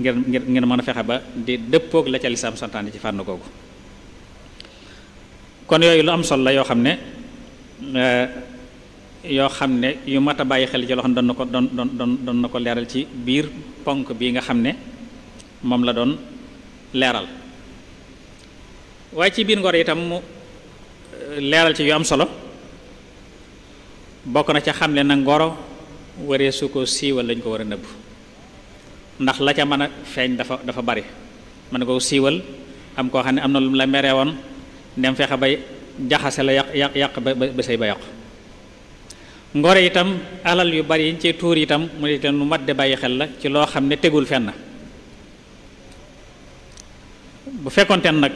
ngir ngir mën a fexe ba di dëppook la ca lislaam santaane ci fànn googu kon yooyu lu am solo la yoo xam ne eh, yoo xam ne yu mat a bàyyi xel ci loo xam ne doon na ko doon doon doon na ko leeral ci biir ponk bii nga xam ne moom la doon leeral waaye ci biir ngor itam mu eh, leeral ci yu am solo bokk na ca xam ne na ngoro waree su ko siiwal lañ ko war a nëbb ndax la ca mën a feeñ dafa dafa bari mën nga ko siiwal am koo xam ne am na lu mu la meree woon dem fexe ba jaxase la yàq yàq yàq ba ba say ba yàqu ngore itam alal yu bari yiñ ci tuur itam mu ne leen lu mat de bàyyi xel la ci loo xam ne tegul fenn bu fekkonten nag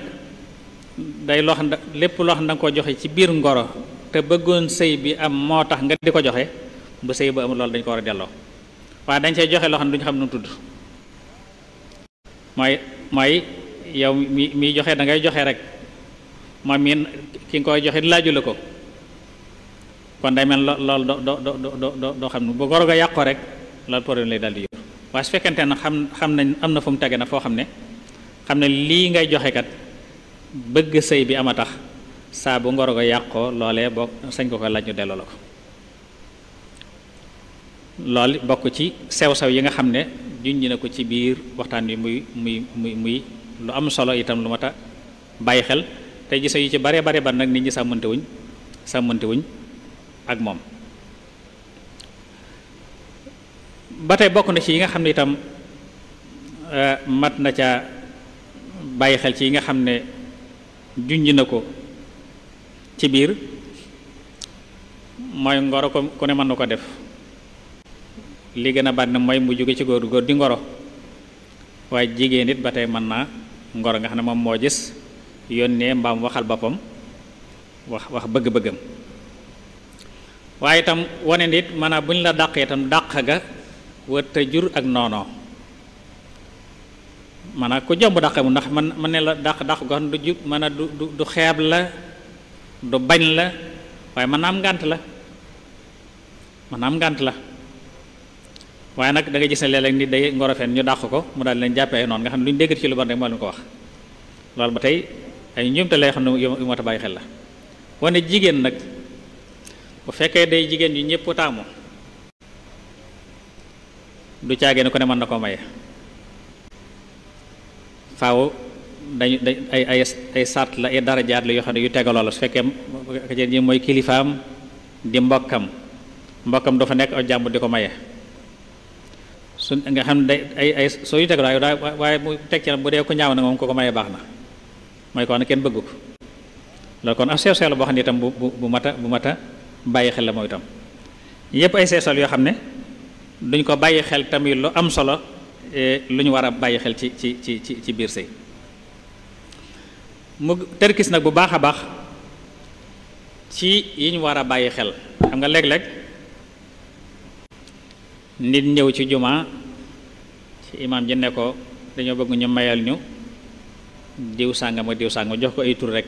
day loo xam lépp loo xam ne danga ko joxe ci biir ngoro te bëggoon sëy bi am moo tax nga di ko joxe ba sëy ba amul loolu dañ ko war a delloo waaye dañ say joxe loo xam ne du xam nu tudd mooy mooy yow mi miy joxe da ngay joxe rek moom mi ki nga koy joxe laaju la ko kon day mel loolu do doo do doo xam ne bu goro yàqoo rek loolu problème la daal di yor waaye su fekkente ne xam xam nañ am na fu mu tege na foo xam ne xam ne lii ngay joxe kat bëgg sëy bi am a tax saa bu ngoro ga yàqoo loolee boo sañ ko ko laaj ñu delloo la ko loolu bokk ci sew-sew yi nga xam ne junj na ko ci biir waxtaan wi muy muy muy muy lu am solo itam lu mat a bàyyi xel te gise yu ci bare bare ban nag nit ñi sàmmante wuñ sàmmante ak moom ba tey bokk na ci yi nga xam ne itam euh, mat na ca bàyyi xel ci yi nga xam ne junj na ko ci biir mooy ngoro ko ku ne mën na ko def li gën a bari mooy mu jóge ci góor góor di ngoro waaye jigéen it ba tey mën naa ngoro nga xam ne moom moo gis yónnee mbaam waxal boppam wax wax bëgg-bëggam waaye itam wane nit maanaam bu ñu la daq itam daq ga wërta jur ak noonoo maanaam ku jomb dàqe mu ndax man man ne la daq daq goo xam du jub maanaam du du du xeeb la du bañ la waaye mën am ngànt la mën am ngànt la waaye nag da ngay gis ne léeg-léeg nit day ngorofeen ñu dàq ko mu daal leen jàppe ay noonu nga xam ne lu ñu ci lu bon rek moo leen ko wax loolu ba tey ay njuumte lay xam ne yu mat a bàyyi jigéen nag bu fekkee day jigéen yu ñëpp taamu du caagee ne ko ne mën na koo maye faaw dañ ay ay ay sart la ay darajaat la yoo xam ne yu tegaloo la su fekkee jigéen ji mooy kilifaam di mbokkam mbokkam dafa nekk ak jàmm di ko maye su nga xam ne day ay ay soo yu teg daay waaye mu teg ci bu dee ko ñaaw na moom ko ko mayee baax na mooy ko xam ne kenn bëgg ko loolu kon ab sew sew la boo xam ne itam bu bu bu mata bu mata bàyyi xel la mooy itam yépp ay sew yoo xam ne duñ ko bàyyi xel tamit lu am solo eh, lu ñu war a bàyyi xel ci ci ci ci ci biir sëy mu tërkis nag bu baax a baax ci yi ñu war a bàyyi xel xam nga léeg-léeg nit ñëw ci jumaa ci imaam ji ne ko dañoo bëgg ñu mayal ñu diw sàngam ak diw sàngam jox ko ay tur rek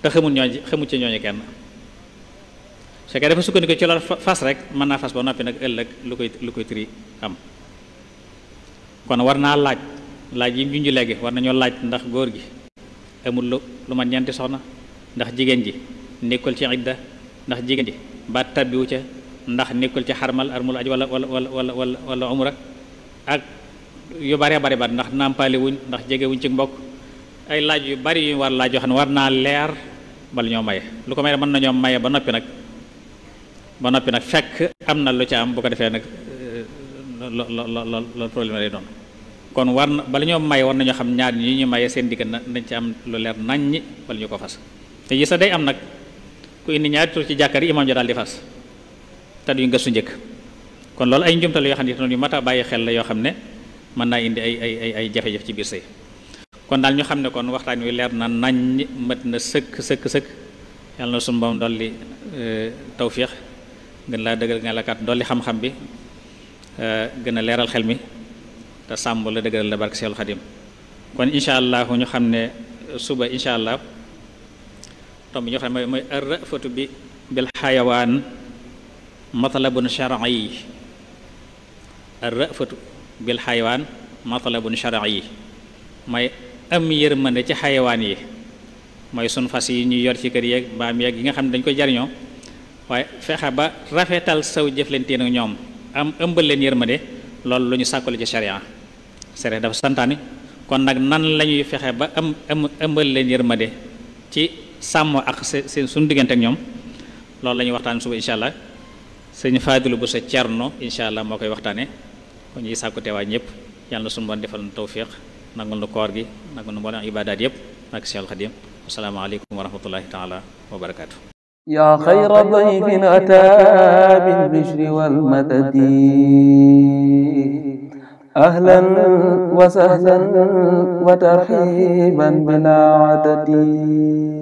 te xamul ñooñu xamul ci ñooñu kenn su fekkee dafa sukkandiku ci loolu fas rek mën naa fas ba noppi nag ëllëg lu koy lu koy tri xam kon war naa laaj laaj yi junj léegi war nañoo laaj ndax góor gi amul lu lu mat ñeenti soxna ndax jigéen ji nekkul ci idda ndax jigéen ji baat tabbiwu ca ndax nekkul ci xarmal armul aj wala wala wala wala wala umra ak yu bare bare ba ndax nàmpaali wuñ ndax jege wuñ ci mbokk ay laaj yu bari yu war laaj yoo xam ne war naa leer bala ñoo maye lu ko may mën nañoo maye ba noppi nag ba noppi nag fekk am na lu ca am bu ko defee nag euh, lo lo lo problème lay doon war na bala ñoo maye war nañoo xam ñaar ñi ñu maye seen digg na nañ ci am lu leer nañ ñi bala ñu ko fas te yi sa day am nag ku indi ñaari tur ci jàkkar yi imam ja daal di fas te duñ gëstu njëkk kon loolu ay njumtal yoo xam ne yu mat a bàyyi xel la xam ne mën naa indi ay ay ay ay jafe-jafe ci biir sëy kon daal ñu xam ne kon waxtaan wi leer na nañ mat na sëkk sëkk sëkk yàlla na suñu boom dolli euh, tawfiix gën laa dëgëral nga la kat dolli xam-xam bi euh, gën a leeral xel mi te sàmm la dëgëral la barke Seexul Xadim kon incha allah ñu xam ne suba incha allah tomb ñoo xam ne mooy mooy ar bi bil xayawaan matalabun shar'i ar rafatu bil xayawaan matalabun yi may am yërmande ci xayawaan yi mooy sun fas yi ñuy yor ci kër yeeg mbaam yeeg yi nga xam ne dañu koy jariñoo waaye fexe ba rafetal saw jëflante ak ñoom am ëmbal leen yërmande loolu lu ñu sàkkule ci sharia sere dafa santaani kon nag nan lañuy fexe ba am am ëmbal leen yërmande ci sàmm ak seen suñu diggante ak ñoom loolu la ñuy waxtaan suba incha allah sëñ Fadilu bu sa cerno incha allah moo koy waxtaane kon ñuy sàkku teewaay ñëpp yàlla na suñu defal nu tawfiq nangul nu koor gi nangul nu mboolem ibaadaat yëpp ak Seex al Xadiim assalaamu aleykum wa rahmatullahi taala wa barakaatu yaa xayra dayfin ataa bil bishri wal madadi ahlan wa sahlan wa tarhiiban